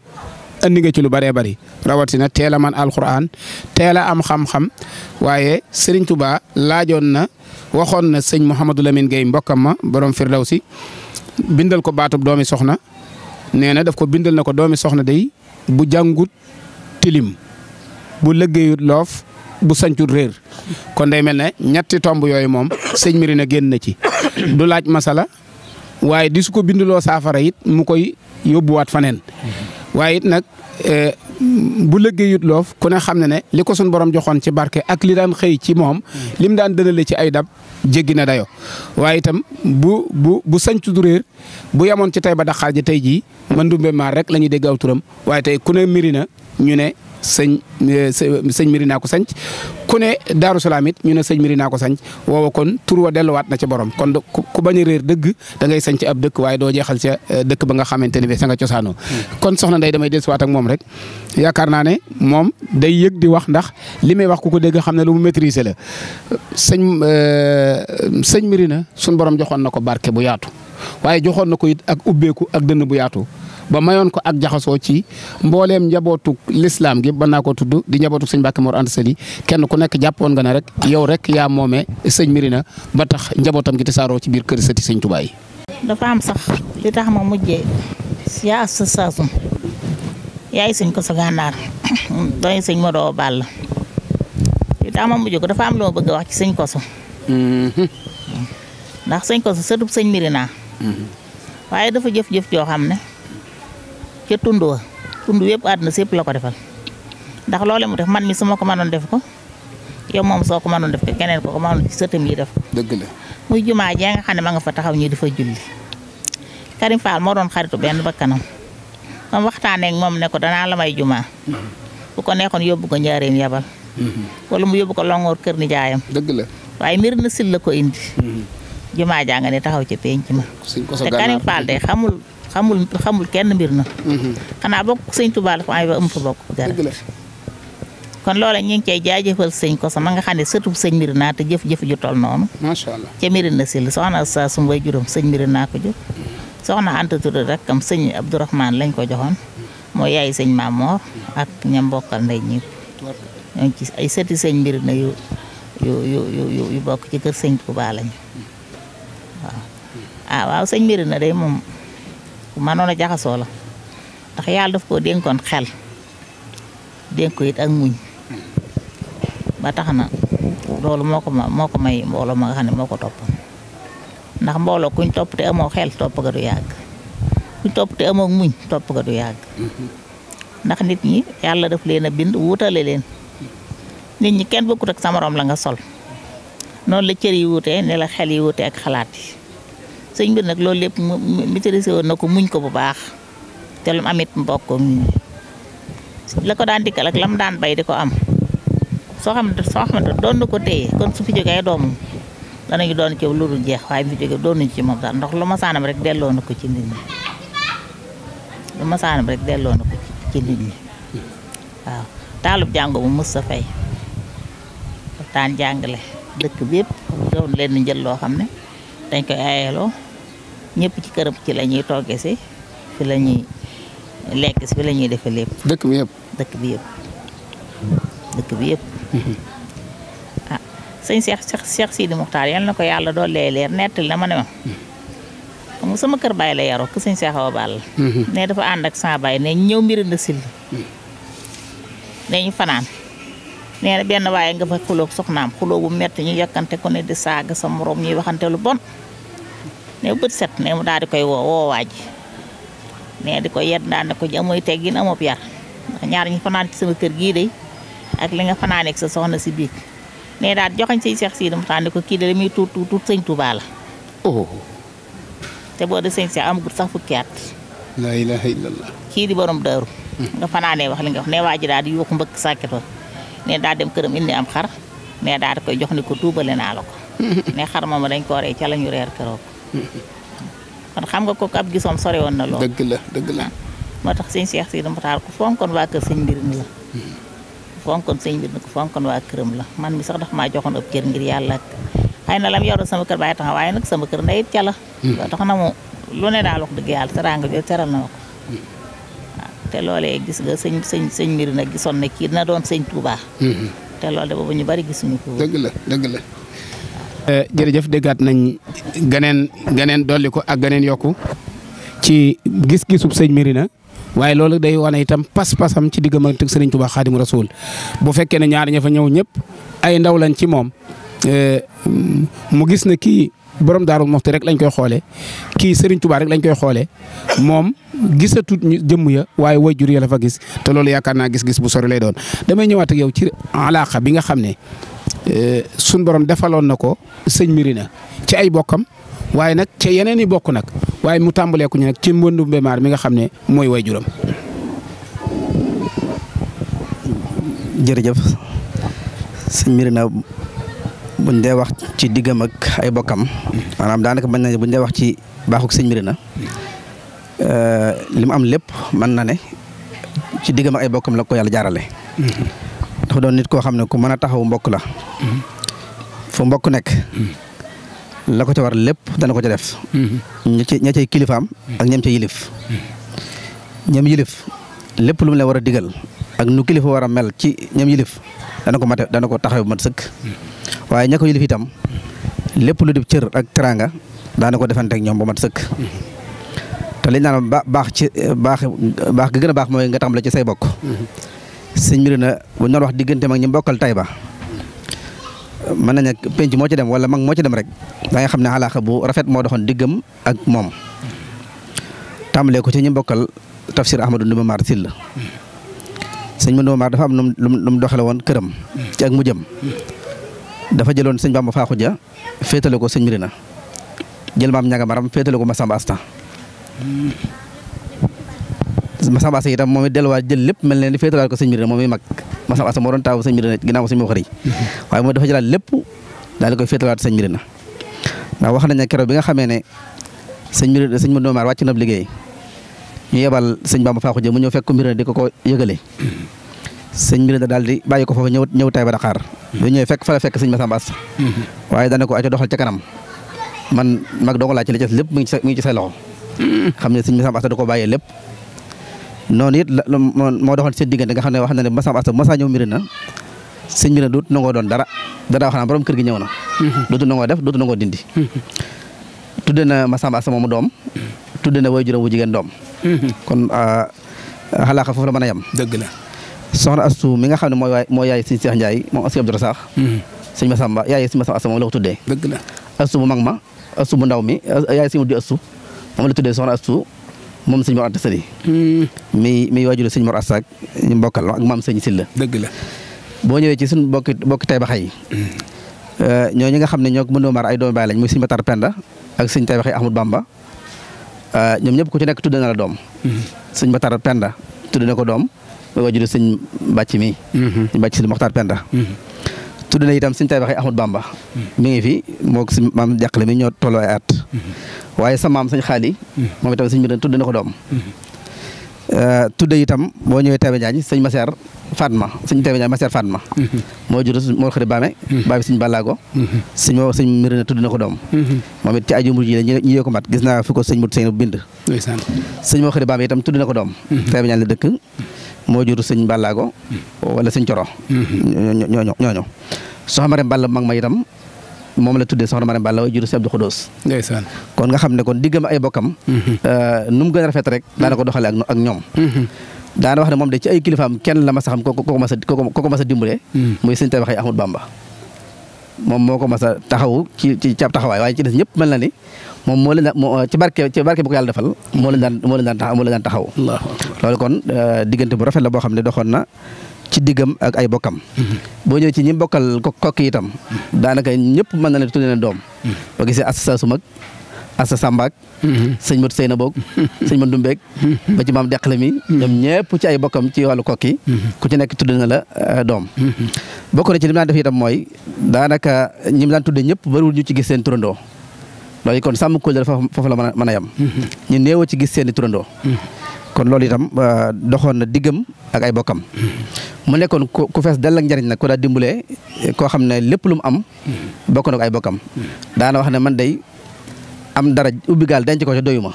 andi nga ci lu bëree bëri rawatina teel a man alxuraan teel a am xam-xam waaye Serigne Touba laajoon na waxoon na sëñ Mouhamadou Lamine Gueye mbokkam ma borom Firdawsi bindal ko baatub doomi soxna nee na daf ko bindal na ko doomi soxna day bu jàngut tilim bu lëggéeyut loof bu sancut réer kon day mel ne ñetti tomb yooyu moom sëñ Mirina génn na ci du laaj masala waaye di su ko binduloo saafara it mu koy yóbbuwaat faneen waaye it nag eh, bu lëggéeyut loof ku ne xam ne ne li ko suñ boroom joxoon ci barke ak li daan xëy ci moom lim daan dënale ci ay dab jéggi na dayo waaye itam bu bu bu sañcu du réer bu yemoon ci tey ba daqaar ji tey ji man dumbe maar rek la ñuy dégg aw waaye tey ku ne Mirina ñu ne sëñ eh, sëñ Mirina ko sanc ku ne Daaru Salaam ñu ne sëñ Mirina ko sanc woowa kon tur wa delluwaat na ca borom kon ku bañ a réer dëgg da ngay sanc ab dëkk waaye doo jeexal ca eh, dëkk ba nga xamante ni bi sa nga cosaanoo hmm. kon soxna Ndeye damay dellusiwaat ak moom rek yaakaar naa ne moom day yëg di wax ndax li may wax ku ko dégg xam ne lu mu maîtriser la sëñ eh, sëñ Mirina suñ borom joxoon na ko barke bu yaatu waaye joxoon na ko it ak ubbeeku ak dënn bu yaatu ba mayoon ko ak jaxasoo ci mbooleem njabootuk lislaam gi mën naa ko tudd di njabootuk sëñ Mbàkke Mor Anta Sali kenn ku nekk jàppoon nga ne rek yow rek yaa moome sëñ Mirina ba tax njabootam gi saaroo ci biir kër sëti sëñ Tuubaa yi dafa am sax li tax ma mujjee yaa sa saasum yaay sëñ ko sa gànnaar (coughs) doy sëñ ma doo bàll li tax ma mujj ko dafa am lu ma bëgg wax ci sëñ kosu mm-hmm. ndax sëñ kosu sëtub sëñ Mirina mm-hmm. waaye dafa jëf-jëf joo xam ne ca tund yëpp àdduna si yëpp la ko defal ndax mu def man mi su ma ko mënoon def ko yow moom soo ko mënoon def ko ko ko mënoon ci dëgg muy jumaa ja nga xam ne ma nga fa taxaw ñi di fa julli Karim moo doon xaritu benn bakkanam moom waxtaanee ak moom ne ko danaa la may jumaa bu ko neexoon yóbbu ko njaareem yabal. wala mu yóbbu ko longoor kër nijaayam dëgg la waaye mbir na sil la ko indi. Mm-hmm. jumaa jaa nga ne taxaw ca penc ma. te Karim Fall de xamul. xamul xamul kenn mbir na mhm. xanaa bokk sëñ Tuubaa la ko ay ba am fa bokk kon loole ñu ngi cay jaajëfal sëñ ko sama nga xam ne sëtu sëñ mbir naa te jëf-jëf ju toll noonu macha allah ca mbir na si li soxna sa sum way juróom sëñ mbir naa ko jur soxna Anta Touré rek am sëñ Abdourahmane lañ ko joxoon moo yaay sëñ maam Mamor ak ñam bokkal ndey ñëpp ñoo ngi ci ay sëti sëñ mbir na yu yu yu yu bokk ci kër sëñ Tuubaa lañ waaw ah waaw sëñ mbir day moom manoon a jaxasoo la ndax yàlla daf koo dénkoon xel dénk ko it ak muñ ba tax na loolu moo ko ma moo ko may mbooloo ma nga xam ne moo ko topp ndax mbooloo kuñ topp te amoo xel topp ga du yàgg kuñ topp te amoo muñ topp ga du yàgg ndax nit ñi yàlla def leen a bind wutale leen nit ñi kenn bokkut ak sa morom la nga sol noonu la cër yi wutee ne la xel yi wutee ak xalaat yi sëñ bi nag loolu lépp mu maîtrisé woon na ko muñ ko bu baax te lu mu amit mbokk la ko daan dikk ak lam daan bay di ko am soo xam ne soo doon na ko téye kon su fi doom ay na danañu doon ci lu dul jeex waaye bu fi jógee doonuñ ci moom sax ndax lu rek delloo na ko ci nit ñi lu ma saanam rek delloo na ko ci nit ñi waaw taalub jàngo bu mës sa fay daan jàngale dëkk bi doon leen jël loo xam ne dañ koy ayeloo ñépp ci këram ci la ñuy togge ci fi la ñuy lekk la ñuy defe lépp. dëkk bi yëpp. dëkk bi yëpp dëkk bi yëpp. Mhm. ah sëñ Cheikh Cheikh Cheikh Sidi Muxtaar yal na ko yàlla doolee leer nettali na ma ne ma. xam sama kër baay la yaroo ko sëñ Cheikh Awa Balla. Mhm. ne dafa ànd ak sa baay ne ñëw mbiri na sil mhm. ne ñu fanaan. nee na benn waaye nga fa xulóog soxnaam xulóo bu metti ñu yokkante ku ne di saaga sa moroom ñuy waxante lu bon. ne bët set ne mu daal di koy woo woo waa ji ne di ko yet daan ne ko amuy teggin amub yar ndax ñaar ñi fanaan ci sama kër gii de ak li nga fanaaneeg sa soxna si biig ne daal joxañ say Cheikh Sidi Muxtaar ne ko kii de li muy tuut tuut tuut sëñ Touba oh. te boo de sëñ Cheikh sax fukki at laa ilaaha kii di borom daaru hmm. nga fanaanee wax li nga wax ne waa ji daal di yuuxu mbëkk sàkketoon ne daal dem këram indi am xar ne daal di koy jox ni ko tuubale naa la ko hmm. ne xar moom dañ ko rey ca la ñu reer keroog kon xam nga kooku ab gisoom sore woon na lool. dëgg la dëgg la. moo tax sëñ Cheikh Sidi Moutar ku fonkoon waa kër sëñ mbir mi la. ku fonkoon sëñ mbir mi waa këram la man mi sax dafa maa joxoon ab kër ngir yàlla ak xëy na la yoroon sama kër bàyyi waaye nag sama kër ndeyit hmm. tax na mu lu ne daal dëgg yàlla teraanga jooju teral na ma ko. Hmm. te loolee gis nga sëñ sëñ sëñ mbir nag gisoon na kii dina doon sëñ Touba. Hmm. te loolu de boobu ñu bari gisuñu ko. dëgg la dëgg la. Eh, jërëjëf déggaat nañ geneen ganeen dolli ko ak geneen yokku ci gis-gisub sëñ Mérina waaye loolu day wane itam pas-pasam ci diggante sëriñ Tuubaa Xaadimu Rasuul bu fekkee ne ñaar ña fa ñëw ñëpp ay ndaw lañ ci moom eh, mu gis na kii borom daarul moxti rek lañ koy xoolee kii Serigne Touba rek lañ koy xoolee moom gisatut ñu jëmm ya waaye wayjur ya la fa gis te loolu yaakaar naa gis-gis bu sori lay doon damay ñëwaat ak yow ci alaaqa bi nga xam ne Eh, sun borom defaloon na ko sëñ Mirina ci ay bokkam waaye nag ca yeneen i bokk nag waaye mu tàmbalee ku ñu nag ci mbëndu mbémaar mi nga xam ne mooy way juróom jërëjëf sëñ Mirina buñ dee wax ci diggam ak ay bokkam maanaam daanaka mën nañu buñ dee wax ci baaxuk sëñ Mirina eh, li mu am lépp mën na ne ci diggam ay bokkam la ko yàlla jaarale mm-hmm. dafa doon nit koo xam ne ku mën a taxaw mbokk la mhm. fu mbokk nekk mhm. la ko ca war lépp dana ko ca def mhm. ña ci ña cay kilifaam ak ñam ca yilif ñam yilif lépp lu mu leen war a digal ak nu kilifa war a mel ci ñam yilif dana ko mate dana ko taxaw mat sëkk waaye ña ko yilif itam lépp lu dib cër ak teraanga daana ko defante ñoom ba mat sëkk te liñ naan baax ci baax baax gën a baax mooy nga la ci say bokk sëñ mbiri na bu ñu wax diggante mag ñi bokkal Tayba mën nañ ak penc moo ci dem wala mag moo ci dem rek da nga xam ne alaaxa bu rafet moo doxoon diggam ak moom tàmbalee ko ci ñi mbokkal tafsir Ahmadou Ndoumbé Mar Sylla sëñ Ndoumbé Mar dafa am nu mu nu doxale woon këram ci ak mu jëm dafa jëloon sëñ Bamba Faaxu Ja féetale ko sëñ mbiri na jël maam ñaga maram féetale ko Masamba Asta Masamba Asa itam moom it delluwaat jël lépp mel ne ni féetalaat ko sëñ Mbirina moom mi mag Masamba Asa moo doon taawu sëñ Mbirina ginnaaw sëñ Mbirina (laughs) ndax wax nañ ne keroog bi nga xamee ne sëñ Mbirina sëñ Mbirina Omar wàcc na liggéey ñu yebal sëñ Bamba Faaxu jëm mu ñëw fekk ko Mbirina di ko ko yëgale sëñ Mbirina daal di bàyyi ko foofu ñëw ñëw tay ba Dakar bu ñëwee fekk fa la fekk sëñ Masamba Asa (laughs) waaye dana ko aco doxal ca kanam man mag doo ko laaj ci li ci lépp mi ngi ci say loxo (laughs) xam ne sëñ Masamba Asa da ko bàyyee lépp noonu it la moo doxoon seen diggante nga xam ne wax na ne Massamba Asta Massa na sëñ bi na duut nangoo doon dara dara wax naa borom kër gi ñëw na. Mhm. Mhm. na Massamba Asta moomu doom. tudde na way juróom wu jigéen doom. Mhm. kon ah, xalaaka foofu la mën a yem. dëgg la soxna mi nga xam ne mooy waay mooy yaay sëñ Cheikh Ndiaye moom Astou Abdou Rassakh. sëñ Massamba yaay sëñ Asta moom la ko tuddee. dëgg la Astou bu mag ma Astou bu ndaw mi yaay sëñ di Astou moom la tuddee soxna Astou moom sëñ Mor Anta Sali hmm. mi mi waajur sëñ Mor Asta ak ñu mbokkal ak maam sëñ Silla la boo ñëwee ci suñu bokki bokki tay baxa yi ñooñu nga xam ne ñoo ko mën maar ay doom baay lañ muy sëñ Matar Penda ak sëñ tay baxa yi Ahmad euh, ñoom ñëpp ku ci nekk tudd na la doom hmm. sëñ Matar Penda tudd na ko doom muy waajur sëñ bàcc mi hmm. sëñ Moxtar Penda tudd na itam suñu tay waxee Ahmad Bamba mi ngi fi moo si maam jàqale mi ñoo tolloo at waaye sa maam sañ xaali moom itam suñu mbir tudd na ko doom euh, tudd itam boo ñëwee Taïba Njaañ sëñ Maseer Fatma sëñ Taïba Njaañ Maseer Fatma moo jur moo xëri baame baami sëñ Balago sëñ moo sëñ mbir na tudd na ko doom moom it ci aju mujj yi ñu yee ko mat gis naa fi ko sëñ mut sëñ bind sëñ moo xëri baame itam tudd na ko doom Taïba Njaañ la dëkk moo jur sëñ Ballaago wala sëñ Coro. ñooñu mm-hmm. ñooñu soxna Marème Balla mag ma itam moom la tuddee soxna Marème Balla way jur si Abdou Khoudous. ndeysaan kon nga xam ne kon diggam ay bokkam. Mm-hmm. Euh, nu mu gën a rafet rek. daana ko doxalee ak ak ñoom. Mm-hmm. daana wax ne moom de ci ay kilifaam kenn la ma saxam kooku kooku mas a kooku mas a dimbale. muy sëñ tabax yi Ahmad Bamba. moom moo ko mas a taxawu ci ci caab taxawaay waaye ci des ñëpp mel na ni moom moo leen daan ci barke ci bu ko yàlla defal moo leen daan moo leen daan taxaw moo leen daan taxaw loolu kon euh, diggante bu rafet la boo xam ne doxoon na ci diggam ak ay bokkam mm-hmm. boo ñëwee ci ñi bokkal kokk itam mm-hmm. daanaka ñëpp mën na leen tuddee ne doom mm-hmm. boo gisee assa su mag assa sàmbaak sëñ matu sëy na boog sëñ ma dumbeeg ba ci maam deqale mi ñoom ñëpp ci ay bokkam ci wàllu kokki ku ci nekk tudd na la euh, doom bokk na ci li mu daan def itam mooy daanaka ñi mu daan tuddee ñëpp bariwul ñu ci gis seen turandoo loolu kon sàmm kóllëre foofu la mën a mën a yem. ñu néew ci gis seeni i turandoo. kon loolu itam euh, doxoon na diggam ak ay bokkam. mu nekkoon ku ku fees dell ak njariñ na ko daa dimbalee koo xam ne lépp lu mu am. bokk na ak ay bokkam. daana wax ne man day am dara ubbi gaal denc ko ca doyuma.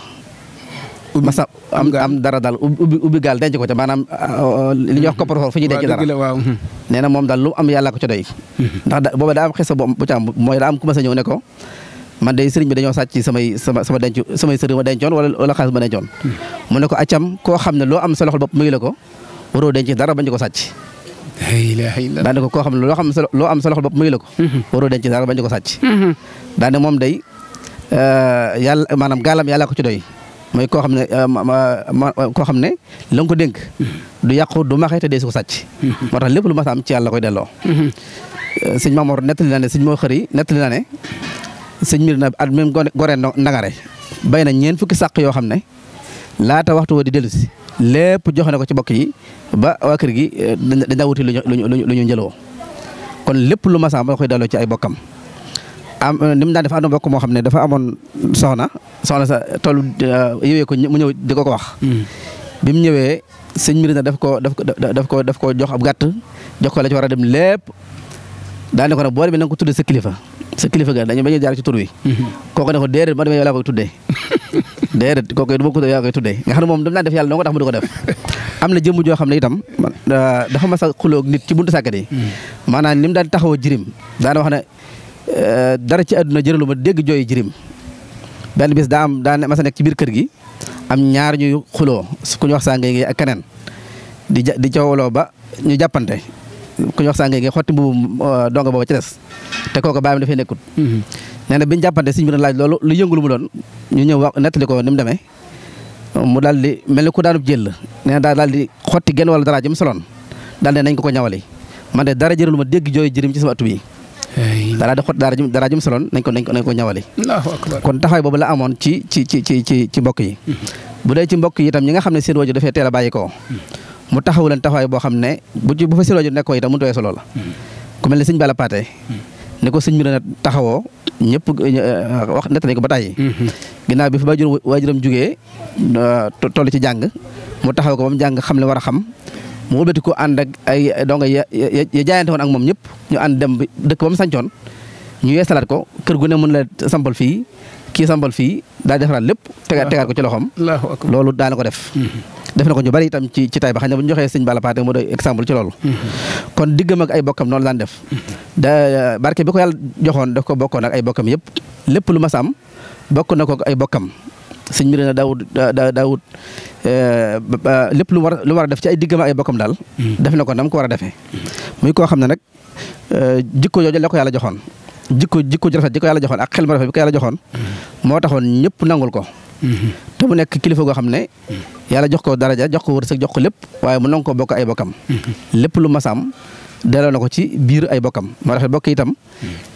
masa am am dara daal ubbi ubbi gaal denc ko ca maanaam euh, euh, li ñuy wax kopparoor ñuy denc dara (laughs) nee na moom daal lu am yàlla ko ca doy (laughs) ndax da booba daa am xisa bu ca am mooy daa am ku ma ñëw ne ko man day sëriñ bi dañoo sàcc ci samay sama sama denc samay sëriñ ma dencoon wala wala ma dencoon hmm. mu ne ko accam koo xam ne loo am sa loxol bopp muy la ko waroo denc dara bañ ko sàcc daane ko koo xam ne loo loo sa loxol bopp muy ko hmm. waroo denc dara bañ ko sàcc hmm. daane moom day euh, yàlla maanaam gaalam yàlla ko ci doy mooy koo xam ne euh, koo xam ne ko dénk du yàqu du maxee te dee si ko sàcc moo tax lépp lu ma ci yàlla koy delloo euh, sëñ Mamoor nettali na ne sëñ moo xëri nettali na ne sëñ mbir na at même gore ndangare bay na ñeen fukki sàq yoo xam ne laata waxtu woo di dellu si lépp joxe na ko ci bokk yi ba waa kër gi eh, dañaa wuti lu ñu lu ñu kon lépp lu ma saam ba ci ay bokkam. am eh, ni mu daan def ànd mbokk moo xam ne dafa amoon soxna soxna sa tool eh, yëwee ko mu ñëw di ko ko wax. Hmm. bi mu ñëwee sëñ mbir na def ko def ko daf ko daf ko jox ab gàtt jox ko la ci war a dem lépp daanaka nag boole bi na ko tuddee sa kilifa. sa kilifa ga dañu bañ a jaar ci tur wi. Mm-hmm. kooku ne ko déedéet ma demee laa koy tuddee (laughs) déedéet kooku it ko tuddee yaa koy tuddee nga xam ne moom dam daan def yàlla noo (laughs) na jëmm joo xam ne itam dafa mas a xuloo nit ci buntu sàkkat yi. Mm-hmm. maanaam ni mu daan taxawoo jirim daana wax ne eh, dara ci àdduna jëralu dégg jooy jirim benn bis daa am daa mas a nekk ci biir kër gi am ñaar ñu xuloo ku ñu wax saa ngay ak keneen di ja di ba ñu jàppante. ku ñu wax sànq ngi xotti mbubu euh, donga booba ci des te kooku baayam dafay nekkut mm-hmm. nee na bi ñu jàppante sëñ bi laaj loolu lu yëngu mu doon ñu ñëw wax nettali ko mu demee di mel ni ku daanub jël la nee na daal di xotti genn wala dara jëm soloon daal ne nañ ko ko ñawali man de dara jërul ma dégg jooy jërim ci sama atu bi daal di xot dara jëm soloon nañ ko nañ ko nañ ko ñawali kon taxawaay boobu la amoon ci ci ci ci ci ci mbokk yi mm-hmm. bu dee ci mbokk yi tam ñi nga xam ne seen waju dafay teel a bàyyi koo mm-hmm. mu taxaw leen taxawaay boo xam ne bu ci bu fa siroo ji nekkoo itam mënut a weesu loola. Hmm. ku mel ne Paate hmm. ni ko sëñ bi taxawoo ñëpp euh, wax nett ko ba tàyyi. Hmm. ginnaaw bi fi waajur waajuram jugee euh, toll ci jàng mu taxaw ko ba jàng xam li war a xam. mu wëlbati ko ànd ak ay donga ya ya jaayante woon ak moom ñëpp ñu ànd dem dëkk ba mu sancoon ñu yeesalaat ko kër gu ne mën la sampal fii kii sampal fii daal defaraat lépp. tegaat tegaat ko ci loxoom. loolu daana ko def. def na ko ñu bari itam ci ci tay ba xam ne bu ñu joxee sëñ Balla Paate mu doy exemple ci loolu mm-hmm. kon diggam ak ay bokkam noonu daan def mm-hmm. da barke bi ko yàlla joxoon daf ko bokkoon ak ay bokkam yëpp lépp lu mas am bokk na ko ay bokkam sëñ mbir na daawut daawut eh, lépp lu war lu war a def ci ay diggam ay bokkam daal. Mm-hmm. def na ko nam ko war a defee. muy koo xam ne nag eh, jikko jooju la ko yàlla joxoon. jikko jikko ji rafet ji joxoon ak xel mu rafet bi ko yàlla joxoon. moo taxoon ñëpp nangul ko. te mu nekk kilifa goo xam ne yàlla jox ko daraja jox ko wërsëg jox ko lépp waaye mu nangu ko bokk ay bokkam lépp lu masaam delloo na ko ci biir ay bokkam ma rafet bokk itam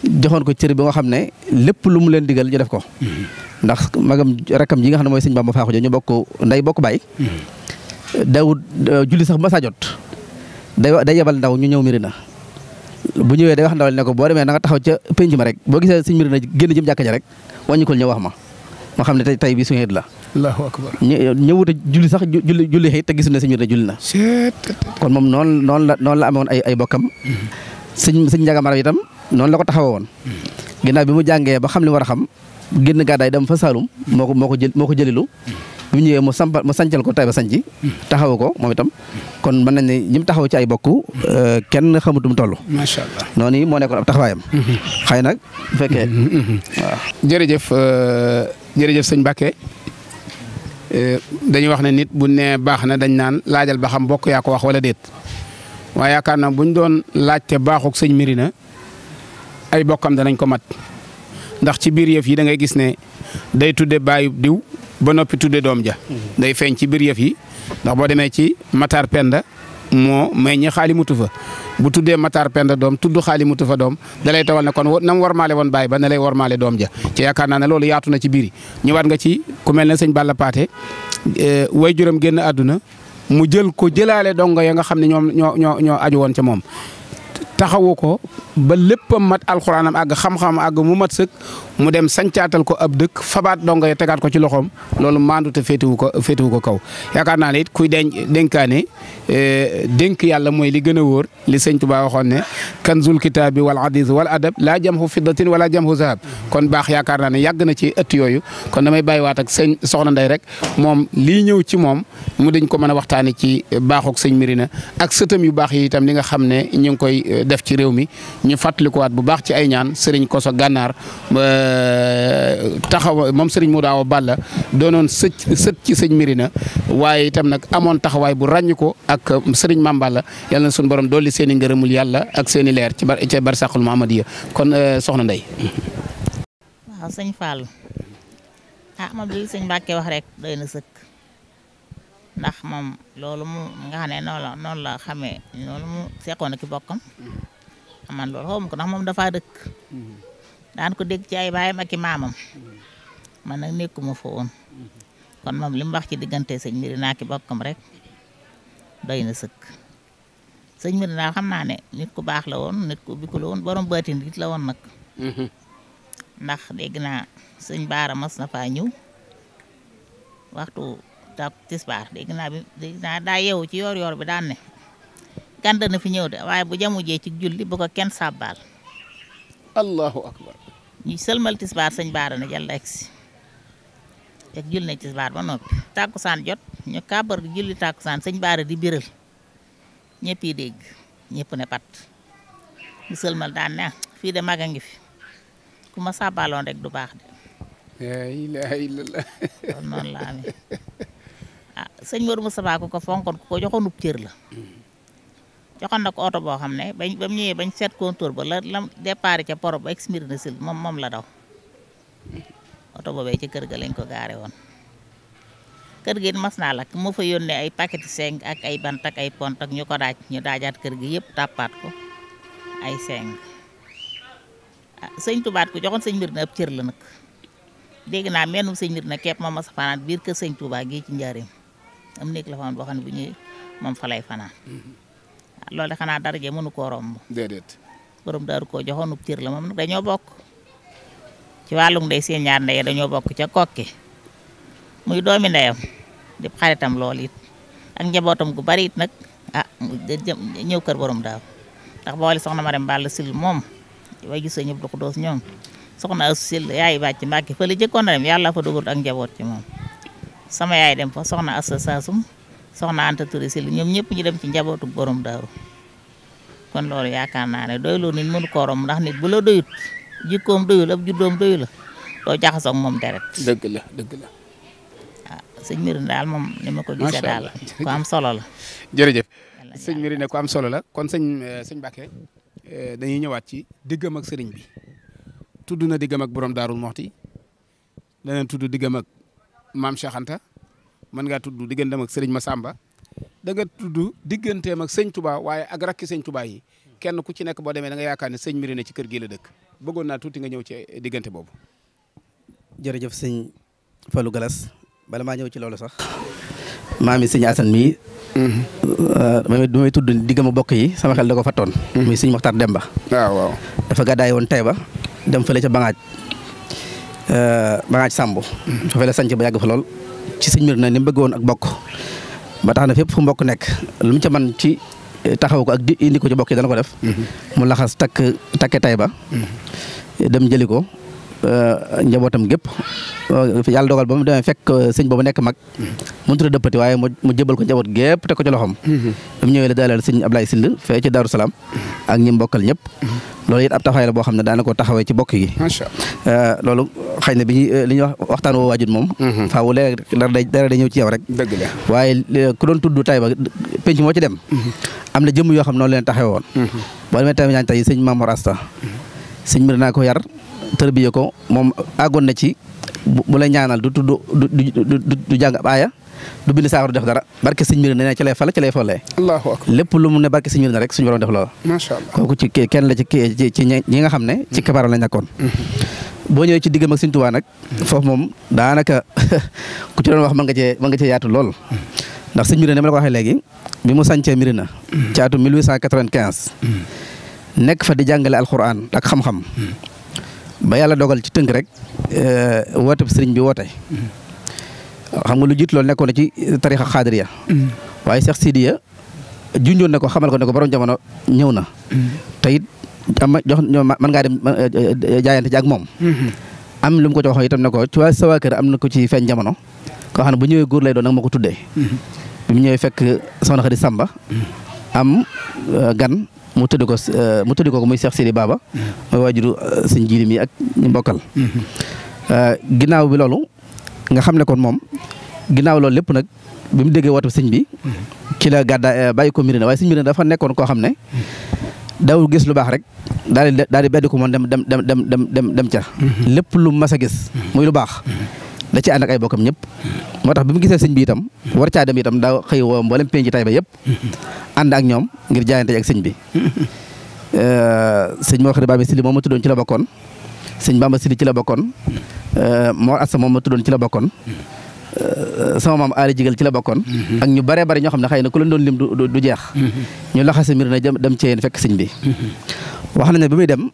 joxoon ko cër bi nga xam ne lépp lu mu leen digal ñu def ko ndax magam rakam yi nga xam ne mooy sëñ Bamba Faaxu ñu bokk nday bokk baay dawud euh, julli sax bu jot day day yebal ndaw ñu ñëw Mirina bu ñëwee day wax ndaw ne ko boo demee na taxaw ca penc ma rek boo gisee sëñ Mirina génn jëm jàkka ja rek wàññi ko ñu wax ma ma xam ne tey tey bi suñu xeet la. allahu akbar ñëwut a julli sax julli julli xëy te gisuñu ne suñu julli na. kon moom noonu noonu la noonu la amoon ay ay bokkam. sëñ sëñ Ndiaga Mara itam noonu la ko taxawoon. ginnaaw bi mu jàngee ba xam li war a xam génn gàddaay dem fa Saalum. moo ko moo ko jël moo ko jëlilu. bu ñëwee mu sampal mu sancal ko Taïba Sanji. taxawu ko moom itam. kon mën nañ ne ñi taxaw ci ay bokk. Euh, kenn xamutum tollu. macha allah noonu moo nekkoon ab taxawaayam. Mhm. xëy nag bu fekkee mhm. jërëjëf sëñ Bakke eh, dañuy wax ne nit bu ne baax na dañ naan laajal ba xam bokk yaa ko wax walla déet waaye yaakaar na buñ doon laajte baaxuk sëñ Mirina ay bokkam danañ ko mat ndax ci biir yëf yi da ngay gis ne day tudde baayu diw ba noppi tudde doom ja mm-hmm. day feeñ ci biir yëf yi ndax boo demee ci Matar Penda moo may ñi xaalimutu fa bu tuddee Matar pend doom tudd xaalimutu fa doom da lay tawal ne kon nam warmaale woon baay ba na lay warmaale doom ja ci yaakaar naa ne loolu yaatu na ci biir ñëwaat nga ci ku mel ne sëñ Balla Paate eh, way juróom génn àdduna mu jël ko jëlaale dongo ya nga xam ne ñoom ñoo ñoo ñoo aju woon ca moom taxawu ko ba léppam mat alxuraanam àgg xam-xam àgg mu mat sëkk mu dem sancaatal ko ab dëkk fabaat dongo ya tegaat ko ci loxoom loolu maandu te féetewu ko féetewu ko kaw. yaakaar naa ne it kuy denc dénkaane eh, dénk yàlla mooy li gën a wóor li sëñ Tuubaa waxoon ne kanzul kitaabi wal hadis wal adab laa jamhu fiddatin wala jamhu zahab kon baax yaakaar naa ne yàgg na ci ëtt yooyu kon damay bàyyiwaat ak sëñ soxna Ndey rek moom lii ñëw ci moom mu dañ ko mën a waxtaanee ci baaxook sëñ Mirina ak sëtam yu baax yi itam li nga xam ne ñu ngi koy eh, def ci réew mi ñu fàttalikuwaat bu baax ci ay ñaan sëriñ Koso Gànnaar euh, taxaw moom sëriñ Modou Awa Balla doonoon sëcc sët ci sëñ Mirina waaye itam nag amoon taxawaay bu ràññ ko ak euh, sëriñ Mame Balla yàlla na suñu borom dolli seen i ngërëmul yàlla ak seen leer ci bar ci barsàqul Muhammadiya kon euh, soxna Ndey waaw sëñ Fall ah ndax moom loolu mu nga xam ne noonu noonu la xamee loolu mu seqoon ki bokkam man loolu xawma ko ndax moom dafa dëkk daan ko dégg ci ay baayam ki i maamam man nag nekkuma fa woon kon moom li mu wax ci diggante sëñ mbiri naa ki bokkam rek doy na sëkk sëñ mbiri naa xam naa ne nit ku baax la woon nit ku bikku la woon borom baatin it la woon nag ndax dégg naa sëñ baara mas na ñëw waxtu jàpp tisbaar dégg naa bi dégg naa daa yeewu ci yoor yoor bi daan ne gan dana fi ñëw de waaye bu jamu jee ci julli bu ko kenn sàbbaal allahu akbar ñu sëlmal tisbaar sëñ baara ne jàll agsi ak julli na tisbaar ba noppi tàkkusaan jot ñu kàbbar julli tàkkusaan sëñ baara di biral ñëpp yi dégg ñëpp ne pat ñu sëlmal daan ne ah, fii de mag a ngi fi ku ma rek du baax de la ilaha illallah noonu la amee (laughs) ah sëñ Modou Moustapha ko fonkoon ko joxoon ub cër la joxoon na ko oto boo xam ne bañ ba mu bañ seet contour ba la la départ ca poro ba exmir na sil moom moom la daw oto boo boobee ci kër ga lañ ko gaare woon kër gi it mas naa lakk moo fa yónnee ay paquet seng ak ay bantak ay pont ak ñu ko daaj ñu daajaat kër gi yëpp tàppaat ko ay seng ah, sëñ tubaat ko joxoon sëñ mbir na ab cër la nag dégg naa mennum sëñ mbir na kepp ma mas a fanaan biir kër sëñ Touba gii ci njaarim am néeg la fa boo xam ne bu ñuy moom fa lay fanaan mm-hmm. loolu de xanaa daraje mënu koo romb déedéet borom koo joxoonub cër la moom nag dañoo bokk ci wàllum ndey seen ñaar ndey dañoo bokk ca kokki muy doomi ndeyam di xaritam lool it ak njabootam gu bari nag ah ñëw kër borom daaru ndax boole soxna ma dem bal Sil moom way gis ñëpp du ko doos ñoom soxna Asu Sil yaay bàcc Mbàkke fële na yàlla fa dugal ak njaboot ci moom sama yaay dem fa soxna Assa Saasum soxna Anta Touré si ñoom ñëpp ñu dem ci njabootu borom daaru kon loolu yaakaar naa ne doyloo nit mënu koorom ndax nit bu la doyut jikkoom doyul ab juddoom doyu la doo jaxasoo moom deret dëgg la dëgg ah, daal moom ni ma ko gisee daal ku am solo la. (laughs) jërëjëf sëñ Mirina ku am solo la kon sëñ eh, sëñ Mbacke eh, dañuy ñëwaat ci diggam ak sëriñ bi tudd na diggam ak borom Daarul Moxti danañ tudd diggam ak maam mën ngaa tudd digganteem ak Serigne Massamba da nga tudd digganteem ak sëñ tubaa waaye ak sëñ tubaa yi kenn ku ci nekk boo demee da nga yaakaar ne sëñ mbiri ne ci kër gii la dëkk bëggoon naa tuuti nga ñëw ci diggante boobu. jërëjëf sëñ Fallou Galas bala maa ñëw ci loolu sax. maami sëñ Assane mii. moom mm-hmm. it uh, may tudd diggam bokk yi sama xel da ko fattoon. Mm-hmm. muy sëñ Mokhtar Demba. waaw waaw dafa gàddaay woon ba dem fële ca Bangaaj uh, ba Samb. su mm-hmm. fekkee sanc ba yàgg fa lool. ci sëñ mbir na ni mu bëgg woon ak bokk ba tax na fépp fu mbokk nekk lu mu ca man ci eh, taxaw ko ak di indi ko ci bokk yi dana ko def mm-hmm. mu laxas takk takke tay ba mm-hmm. dem jëli ko Euh, njabootam gépp euh, yàlla dogal ba mu demee fekk euh, sëñ boobu nekk mag mënut a dëppati waaye mu jëbal ko njaboot gépp te ko ci loxoom ba mu ñëwee la daalal sëñ Ablaye Sill fee ci Daaru Salaam ak ñi mbokkal ñëpp loolu it ab taxawaay la boo xam ne daana ko taxawee ci bokk gi loolu xëy na bi ñu li ñuy wax waxtaan woo waajut moom mhm. faawu léeg dara day ñëw ci yow rek waaye ku doon tudd tay ba penc moo ci dem mhm. am na jëmm yoo xam noonu leen taxawee mhm. boo demee tamit ñaan tërbiye ko moom àggoon na ci bu la ñaanal du tudd du du jàng ab aaya du bind saafara def dara barke sëñ mbir ne ci lay fale ci lay folee allahu akbar lépp lu mu ne barke sëñ mbir ne rek suñu borom def loola macha allah kooku ci kenn la ci ci nga xam ne ci kabaram la nekkoon mm-hmm. boo ñëwee ci diggam (laughs) la ko waxee léegi bi mu sancee mbir na mm-hmm. ci atum 1895 mm-hmm. nekk fa di jàngale alquran ak xam-xam ba yàlla dogal ci tënk rek euh, woote sëriñ bi woote. xam nga lu jiit loolu nekkoon na ci tarixa xaadiriya waaye Cheikh Sidiya junjoon na ko xamal ko ne ko borom jamono ñëw na. te it am jox mën dem euh, jaayante ji moom. am lu ko ci waxoon itam ko ci waa sa am na ko ci feeñ jamono. koo xam ne bu ñëwee góor lay doon nag ma ko tuddee. ñëwee fekk soxna Xadi Samba. am euh, gan mu tudd ko euh, mu tudd ko muy Cheikh Sidi Baba. Mm-hmm. mooy waajuru euh, sëñ jiili mi ak ñu mbokkal. Mm-hmm. Euh, ginnaaw bi loolu nga xam ne kon moom ginnaaw loolu lépp nag bi mu déggee woote sëñ bi. Mm-hmm. ci la gàddaa bàyyi ko Mirina waaye sëñ Mirina dafa nekkoon koo xam ne. dawul gis lu baax rek daal di daal di ko moom dem dem dem dem dem dem ca. lépp lu mas gis. muy lu baax. da ci ànd ak ay bokkam ñëpp moo tax bi mu gisee sëñ bi itam war caa dem itam daa xëy woo mboolem penc Tayba yëpp ànd ak ñoom ngir jaayante ak sëñ bi sëñ Mor Khary Baba Sili moom ma tuddoon ci la bokkoon sëñ ci la bokkoon Mor Assa moom ci la bokkoon sama maam aali jigal ci la bokkoon ak ñu bare bari ñoo xam ne xëy na ku leen doon lim du du jeex ñu laxase mbir na dem ceyeen fekk sëñ bi wax nañ ne bi muy dem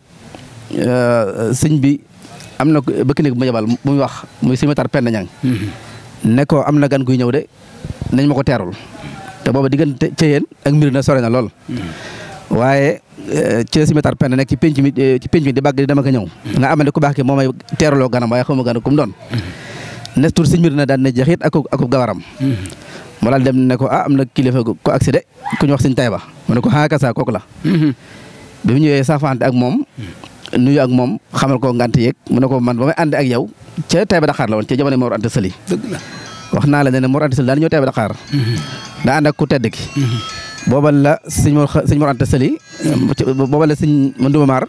sëñ bi am na bëkk néeg bu muy wax muy sëñ Matar Penda Ñang mm-hmm. ne ko am na gan guy ñëw de nañ ma ko teerul te booba diggante Thiéyène ak mbir na sore na lool mm-hmm. waaye eh, ci sëñ Matar Penda nekk ci penc mi eh, ci penc mi di bàgg di ko ñëw mm-hmm. nga am ne ku baax ki moo may teeruloo ganam waaye xawma gan ku mu doon nes tur sëñ mbir na daan ne jeexit ak akub gawaram mu daal ne ko ah am na kilifa ko accident ku ñu wax sëñ Tayba mu ne ko xaakasa kooku la bi mu ñëwee saafante ak moom nuyu ak moom xamal ko ngant yeeg mu ne ko man ba may ànd ak yow ca Taïba Dakar la woon ca jamono Mor Anta Sali dëgg la wax naa la ne Mor Anta Sali daan ñëw Taïba Dakar mm-hmm. daa ànd ak ku tedd ki mm-hmm. boobal la sëñ Mor sëñ Anta Sali mm-hmm. boobal la sëñ Mandoumar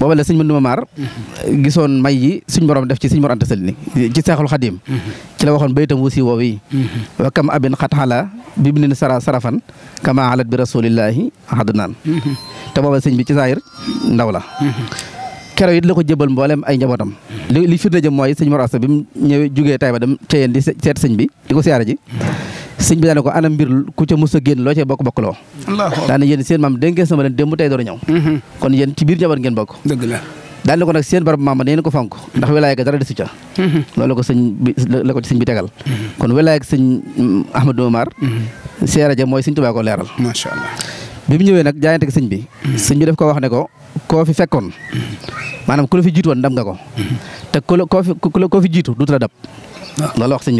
booba la sëñ Mandumba Maar mhm. gisoon may yi suñ borom def ci sëñ Mor Anta Sali ni ci Seexul Xadim mhm. ci la waxoon baytam wu si woow yi mhm. wa kam abin xatxala bi bi nin sara sarafan kama alat bi rasulillahi hadnaan te booba sëñ bi ci saayir ndaw la kero it la ko jëbal mboolem ay njabootam li firnde jëm mooy sëñ Mor Asta bi mu ñëwee jugee Taïba dem Ceyeen di seet sëñ bi di ko siyaare ji sëñ bi daane ko ana mbir ku ca mos a génn loo cay bokk bokk loo daane yéen seen maam dénkee sama leen démb tey door a ñëw mm-hmm. kon yéen ci biir njaboot ngeen bokk dëgg la daane ko nag seen barab maam dañu ko fonk mm-hmm. ndax wilaaya ga dara desu ca mm-hmm. bi la ko ci sëñ bi tegal kon wilaaya ak sëñ mm, Ahmadou Omar seera ja mooy sëñ Tuubaa ko leeral macha allah bi mu ñëwee nag jaayante ak sëñ bi sëñ bi daf ko wax ne ko koo fi fekkoon maanaam ku la fi jiitu woon ndam nga ko te ku la koo fi jiitu duutu la dab ah. loolu wax sëñ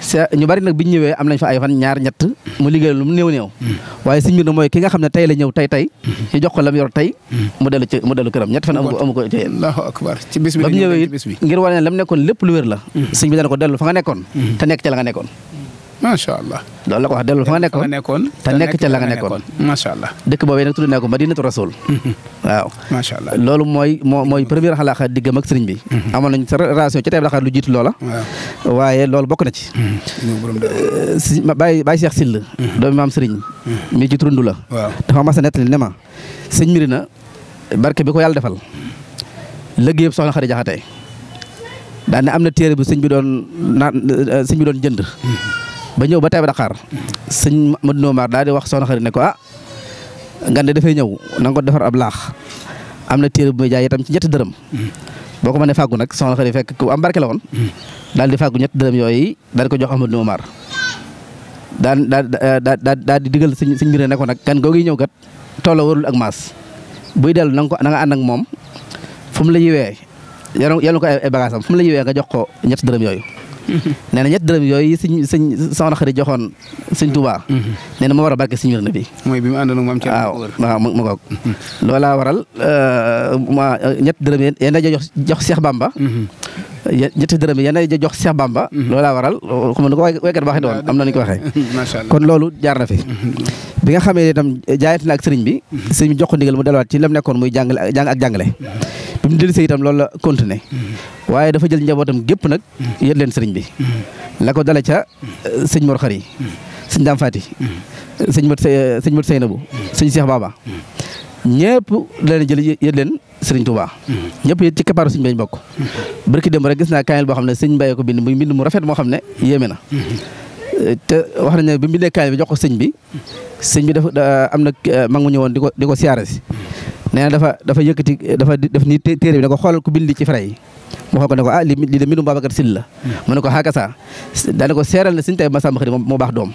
sa ñu bari nag bi ñu ñëwee am nañ fa ay fan ñaar ñett mu liggéeyal lu mu néew néew mm. waaye sëñ bi mooy ki xam ne tey la ñëw tey tey mm. ñu jox ko lam yor tey mm. mu dellu ci mu dellu këram ñett fan amu ko ci bis bi ngir wane ne lam nekkoon lépp lu wér la sëñ dana ko dellu fa nga nekkoon te nekk ca nga nekkoon macha allah. loolu la ko wax dellu fa nga nekkoon te nekk ca la nga nekkoon. macha allah dëkk boobee nag tudd naa ko Madinatu Rasul. (laughs) Mhm. waaw loolu mooy moo mooy première xalaaxa diggam ak sëriñ bi. Mhm. amoon nañu sa relation ca bokk na ci. Mhm. Euh, si Baye Baye Cheikh Syll. doomi maam sëriñ. mi ci turundu la. dafa mas a nettali ne ma sëñ mbiri na barke bi ko yàlla defal liggéeyam soxna Xadi Jaxate daan am na téere bu sëñ bi doon euh, jënd. ba ñëw ba Taïba Dakar sëñ Modou Nomar daal di wax soxna xarit ne ko ah nga ne dafay ñëw na ko defar ab laax am na téere bu muy jaay itam ci ñett dërëm boo ko ne fàggu nag soxna xarit fekk ku am barke la woon daal di fàggu ñett dërëm yooyu daal di ko jox Modou Nomar daan daal daal di digal sëñ sëñ mbir ne ko nag gan googu ñëw kat tolloo warul ak maas buy dellu na nga ko na moom fu mu la yiwee yal na ko ay bagaasam fu mu la yiwee nga jox ko ñett dërëm yooyu. (laughs) nee na ñett dërëm yooyu sëñ sëñ soxna xarit joxoon sëñ Tuubaa nee na moo war a barke sëñ Mirna bi mooy bi mu àndoon moom ci waaw waaw mu ngoog loolaa waral euh, ma ñett dërëm yéen yéen a jox jox Cheikh Bamba ñetti dërëm yi yéen a jox Cheikh ba loolaa waral xam na ko waykat am na ñu ko waxee (laughs) kon loolu jaar na fi (laughs) bi nga xamee itam jaayante na ak sëriñ bi sëriñ bi jox ko ndigal mu delluwaat ci lam nekkoon muy jàngale jàng ak jàngale mu dellusee itam loolu la continué mm-hmm. waaye dafa jël njabootam gépp nag mm-hmm. yët leen sëriñ bi mm-hmm. la ko ca sëñ Mor Xari sëñ Dame Fati sëñ Mat sëñ Mat Seynabu sëñ Cheikh Baba ñëpp la leen jël yët leen sëriñ Touba ñëpp yët ci kapaaru sëñ bañ bokk barki démb rek gis naa kaamil boo xam ne sëñ Mbaye ko bind muy mbind mu rafet moo xam ne yéeme na te wax nañ ne bi mu bindee bi jox ko sëñ bi sëñ bi dafa am na eh, mag mu ñëwoon di ko di ko siyaare si nee dafa dafa yëkkati dafa def nii ni téere bi ne ko xoolal ku bind ci frais yi mu xool ko ne ko ah li li de mbindum Babacar Syll la mu ne ko xaakasa ah, daane ko seeral ne sëñ Tayib Masamba Xari moo baax doom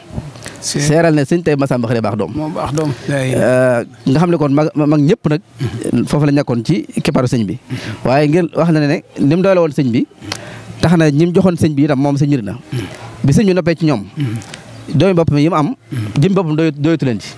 seeral ne sëñ Tayib Masamba Xari baax doom euh, nga xam ne kon mag mag ñëpp nag (laughs) foofu la ñàkkoon ci keppaaru sëñ bi waaye ngeen wax na ne ni mu doole woon sëñ bi tax na ñi mu joxoon sëñ bi itam moom sëñ bi na bi sëñ bi noppee ci ñoom mm. doomi boppam yi mu am mm. jëm boppam doyatu leen ci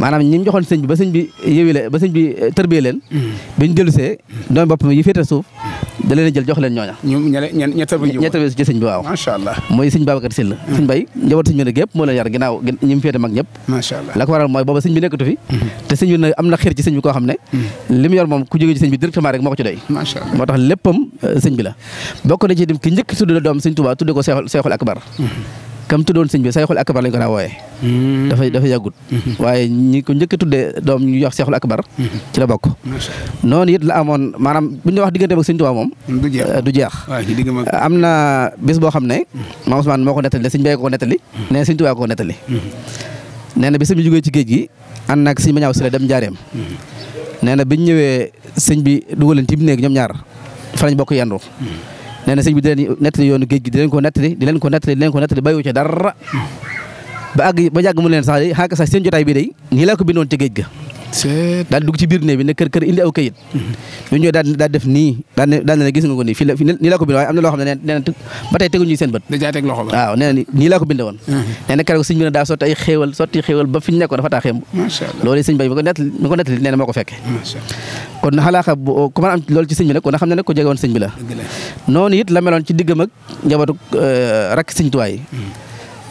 maanaam ñi mu joxoon sëñ bi ba sëñ bi yëwi leen ba sëñ bi eh, tërbie leen. Mm. bi ñu dellusee doom boppam yi féete suuf mm. da leen a jël jox leen ñooña. ñu ñeneen ña tërbie ña tërbie ci sëñ bi waaw. macha allah mooy sëñ Babacar Sylla. Mm. sëñ njaboot sëñ bi nag yëpp moo leen yar ginnaaw ñi mu mag ñëpp. macha la waral mooy booba sëñ bi nekkatu fi. Mm-hmm. te sëñ bi nag am na xir ci sëñ bi koo xam ne. li moom ku jógee ci sëñ bi directement rek moo ko ci doy. macha allah moo tax léppam eh, sëñ bi la bokk na ci dim ki njëkk tudd doom sëñ Tuubaa tudde ko Seexul Akbar mm-hmm. kam tuddoon sëñ bi sayxul akbar lañ ko daa wooyee. dafa mm-hmm. dafa yàggut. Mm-hmm. waaye ñi ko njëkk a tuddee doom ñu wax sayxul akbar mm-hmm. ci la bokk. noonu it la amoon maanaam bu ñu wax diggante ak sëñ Tuubaa moom. du jeex euh, du boo xam ne. maam Ousmane moo ko nettali sëñ Bay ko nettali. nee na sëñ Tuubaa ko nettali. nee na bi sëñ bi jógee ci géej gi ànd ak sëñ Mañaaw si la dem Njaareem. nee na biñ ñëwee sëñ bi dugal leen néeg ñoom ñaar fa lañ bokk yendu nee na sëñ bi di leen nettali yoonu géej gi di leen ko nettali di leen ko nettali di leen ko ba àgg ba jàgg mu leen sax de xaaka sax seen jotaay bi day nii laa ko bindoon ca géej ga daal dugg ci biir ne bi ne kër kër indi aw kayit mhm. ñu ñëw daal daal def nii daal laa ko bind am na loo xam ne nee na ba tey teguñu seen bët dèjà teg loxo ba ko binde mhm. bi ne moo ko fekke kon xalaaka ku mën am loolu ci sëñ bi nag kon xam ne nag ko jege woon sëñ bi la noonu it la meloon ci diggam ak njabootu euh, rakk sëñ tuwaay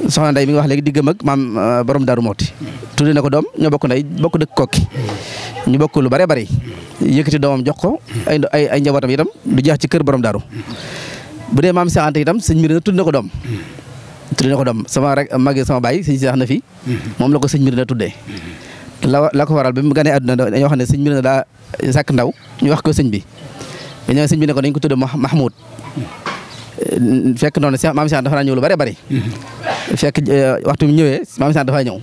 soxna Nday mi wax léegi diggam ak maam euh, borom Darou Moti. tudde na ko doom ñoo bokk nday bokk dëkk kokki ñu bokk lu bare bari yëkkati doomam jox ko ay ay ay njabootam itam du jeex ci kër borom Darou. bu dee maam Cheikh Anta itam sëñ Mbir na na ko doom. tudd na ko doom sama rek magi sama sëñ Cheikh na fi. moom la ko sëñ Mbir na tuddee. la la ko waral bi mu ganee àdduna dañoo xam ne sëñ Mbir na daa sàkk ndaw ñu wax ko sëñ bi. dañoo sëñ bi ne ko dañ ko tuddee Mahmoud. fekk noonu si maam Cheikh dafa daan ñëw lu bari bari. fekk eh, waxtu bi ñëwee maam Cheikh dafa ñëw.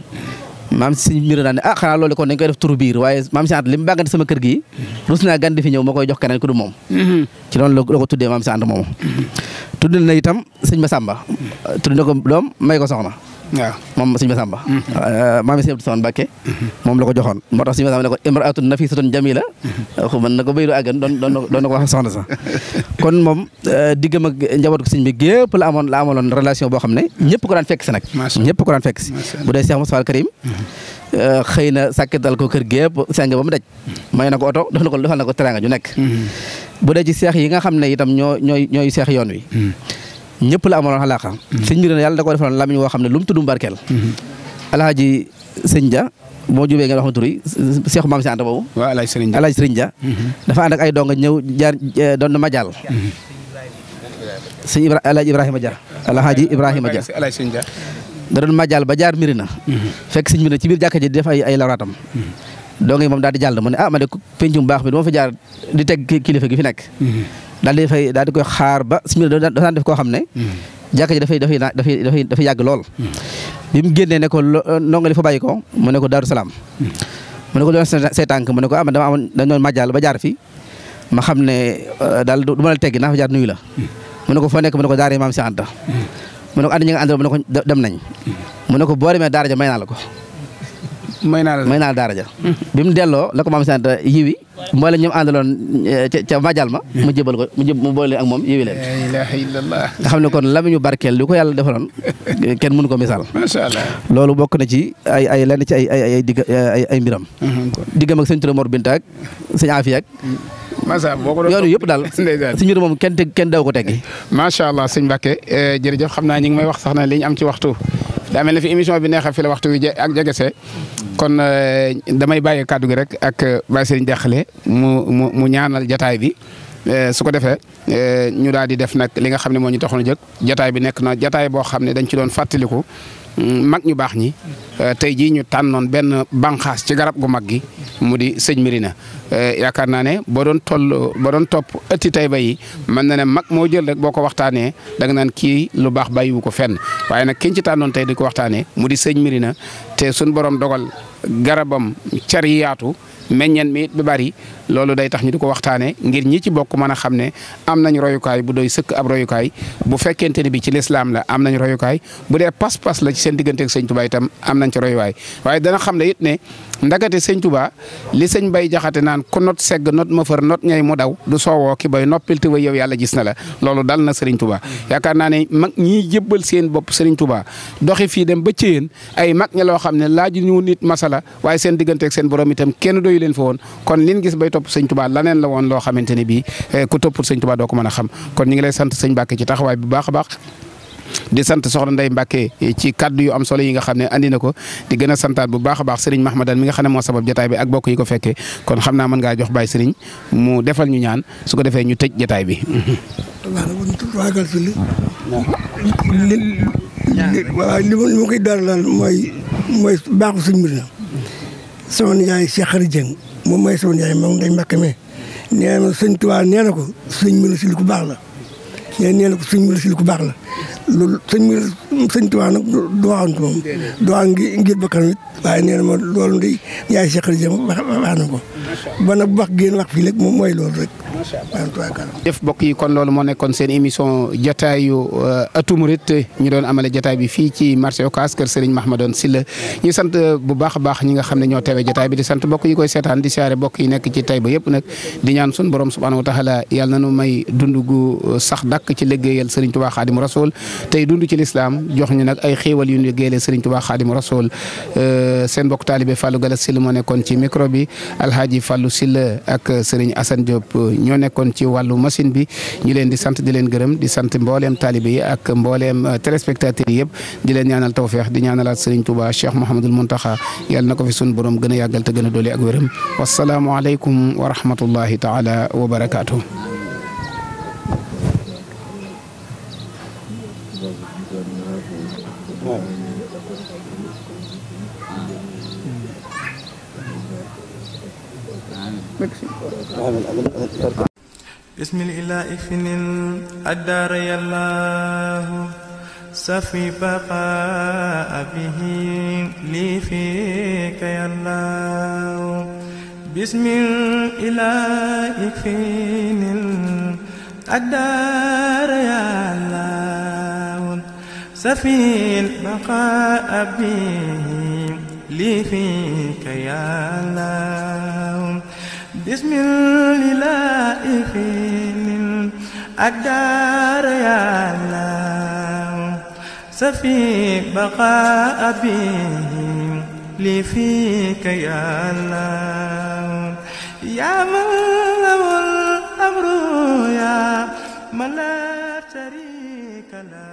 maam si mbir daan ne ah xanaa loolu kon dañ koy def tur biir waaye maam Cheikh li mu bàggante sama kër gi. rus naa gan di fi ñëw ma koy jox keneen ku du moom. ci loolu la tuddee maam Cheikh moomu. tudd na itam sëñ Massamba. tudd na ko doom may ko soxna. waaw moom sëñ Masamba mm-hmm. maam Sëñ Abdou Samane Mbacké moom la ko joxoon moo tax sëñ Masamba ne ko imraatun nafisatun jamila mm-hmm. mën na ko béy lu àggan doon na ko wax soxna sax kon moom eh, diggam ak njabootu sëñ bi gépp la amoon la amaloon relation boo xam ne ñëpp ko daan fekk si nag ñëpp ko daan fekk si bu dee Cheikh Moustapha Karim mm-hmm. eh, xëy na sàkkital ko kër gépp sàng ba mu daj may na ko oto def na ko defal na ko teranga ju nekk bu dee ci seex yi nga xam ne itam ñoo ñépp la amaloon xalaaqa mhm. sëñ bi ne yàlla da ko defaloon lamiñ woo xam ne lu mu tudd barkeel mhm. alaaji sëñ Dia moo jubee ngeen waxma turi seexu maam si ànd boobu alaaji sëriñ Dia mhm. dafa ànd ak ay donga ñëw jaar eh, doon ma jaal sëñ Ibra Ibrahima Dia alaaji Ibrahima Dia da doon ma ba jaar Mirina fekk sëñ bi ne ci biir jàkka ji di def ay lawraatam dong yi moom daal di jàll mu ne ah ma ne pencum baax bi dama fa jaar di teg kilifa gi fi nekk. Mm-hmm. daal di fay daal di koy xaar ba simila dafa daan def koo xam ne. Mm-hmm. jàkka ji dafay dafay dafay dafay yàgg lool. Mm-hmm. bi mu génnee ne ko euh, ndongo li fa bàyyi ko mu ne ko Darou Salaam. mu ne ko doon say tànk mu ne ko ah man dama amoon dañu doon màjjal ba jaar fi ma xam ne euh, daal du ma la teggi naa fa jaar la. mu ne ko foo nekk mu ne ko Daara maam si Anta. mu ne ko ànd ñi nga àndal mu dem nañ. mu ne ko boo demee Daara ja may naa la ko. may naa may naa la daara ja bi mu delloo la ko maam sant yiwi mboole ñoom àndaloon eh, ca ca majal ma mu jëbal ko mu jëb mu boole ak moom yiwi leen xam ne kon la ñu barkeel li ko yàlla defaloon (laughs) kenn mënu ko misaal loolu bokk na ci ay ay ci ay ay ay digg ay ay mbiram mhm, diggam ma sëñ Touré Mor Binta ak sëñ Afia ak mm. boo ko doon yëpp daal si (laughs) mbir moom kenn daw ko teg macha allah sëñ Mbacke eh, jërëjëf xam naa ñi ngi may wax sax na li ñu am ci waxtu daa mel ne fi émission bi neexee fi la waxtu wi je ak jegesee kon euh, damay bàyyi kàddu gi rek ak euh, Baye Serigne mu mu mu ñaanal jataay bi. Euh, su ko defee ñu daal di def nag li nga xam ne moo ñu taxoon a jëkk jataay bi nekk na jataay boo xam ne dañ ci doon fàttaliku. mag ñu baax ñi euh, tey jii ñu tànnoon benn banqaas ci garab gu mag gi mu di sëñ Mirina euh, yaakaar naa ne boo doon toll ba doon topp ëtti Tayba yi mën na ne mag moo jël rek boo ko waxtaanee danga naan kii lu baax bàyyiwu ko fenn waaye nag kiñ ci tànnoon tey di ko waxtaanee mu di sëñ Mirina te suñ borom dogal garabam car yaatu meññeen mi it bi bari loolu day tax ñu di ko waxtaanee ngir ñi ci bokk mën a xam ne am nañ royukaay bu doy sëkk ab royukaay bu fekkente ne bi ci lislaam la am nañ royukaay bu dee pas-pas la ci seen digganteeg sëñ Tuubaa itam am nañ ci royuwaay waaye dana xam ne it ne ndagate sëñ tubaa li sëñ bay jaxate naan ku not segg not ma fër not ñay mu daw du soowoo ki bay noppil te yow yàlla gis na la loolu dal na sëriñ Touba yaakaar naa ne mag ñiy jébbal seen bopp sëriñ Touba doxi fii dem ba Thièyeen ay mag ña loo xam ne laaju ñu nit masala waaye seen diggante ak seen borom itam kenn doyu leen fa woon kon liñ gis bay topp sëñ Touba laneen la woon loo xamante ne bii eh, ku toppul sëñ Touba doo ko mën a xam kon ñu ngi lay sant sëñ Mbàkke ci taxawaay bu baax baax di sant soxna Ndeye Mbacke eh, ci kaddu yu am solo yi nga xam ne andi na ko di gën a santaat bu baax a baax Serigne Mahmadan mi nga xam ne moo sabab jotaay bi ak bokk yi ko fekkee kon xam naa mën ngaa jox Baye Serigne mu defal ñu ñaan su ko defee ñu tëj jotaay bi. waaw li ma koy daal daal mooy mooy baaxu la. sama nijaay Cheikh Khary Dieng moom mooy sama nijaay moom Ndeye Mbacke mi nee na sëñ Tuubaa nee na ko suñu mbir si lu ko baax la. mais nee na ko sëñ Mouride Syll ku baax la loolu sëñ Mouride sëñ Tuubaa nag du waxantu moom du wax ngir bakkanam it waaye nee na ma loolu day yaay seqal jëm wax wax na ko ba nag bu wax génn moom mooy loolu rek jëf mbokk yi kon loolu moo nekkoon seen émission jotaayu euh, atu murit ñu doon amale jotaay bi fii ci marché Ocass kër Serigne Mahmadoune Sylla ñu sant euh, bu baax baax ñi nga xam ne ñoo teewe jotaay bi di sant mbokk yi koy seetaan di siyaare mbokk yi nekk ci Tayba yëpp nag di ñaan sun borom subhaanahu wa taala yàlla nanu may dund gu euh, sax dàkk ci liggéeyal Serigne Touba Xaadimu Rasuul tey dund ci lislaam jox ñu nag ay xéewal yu ñu liggéeyale Serigne Touba Xaadimu Rasuul seen mbokk taalibe Fallou Gala Sylla moo nekkoon ci micro bi Alhaaji Fallou Sylla ak Serigne Assane Diop ñoo nekkoon ci wàllu machine bi ñu leen di sant di leen gërëm di sant mbooleem taalibe yi ak mbooleem euh, téléspectateurs yi yëpp di leen ñaanal tawféex di ñaanalaat Serigne Touba Cheikh Mouhamadul Mountakha yàlla na ko fi sun borom gën a yàggal te gën a doole ak wéram wasalaamualeykum wa rahmatullahi taala wa barakaatu. بسم الإله إفن الدار الله سفي بقاء به لي فيك يا الله بسم الإله إفن الدار يا الله سفي البقاء به لي فيك يا الله bismillaahi fiinin أدار يا الله سفي بقاء به لي فيك يا الله يا من له الأمر يا من لا شريك له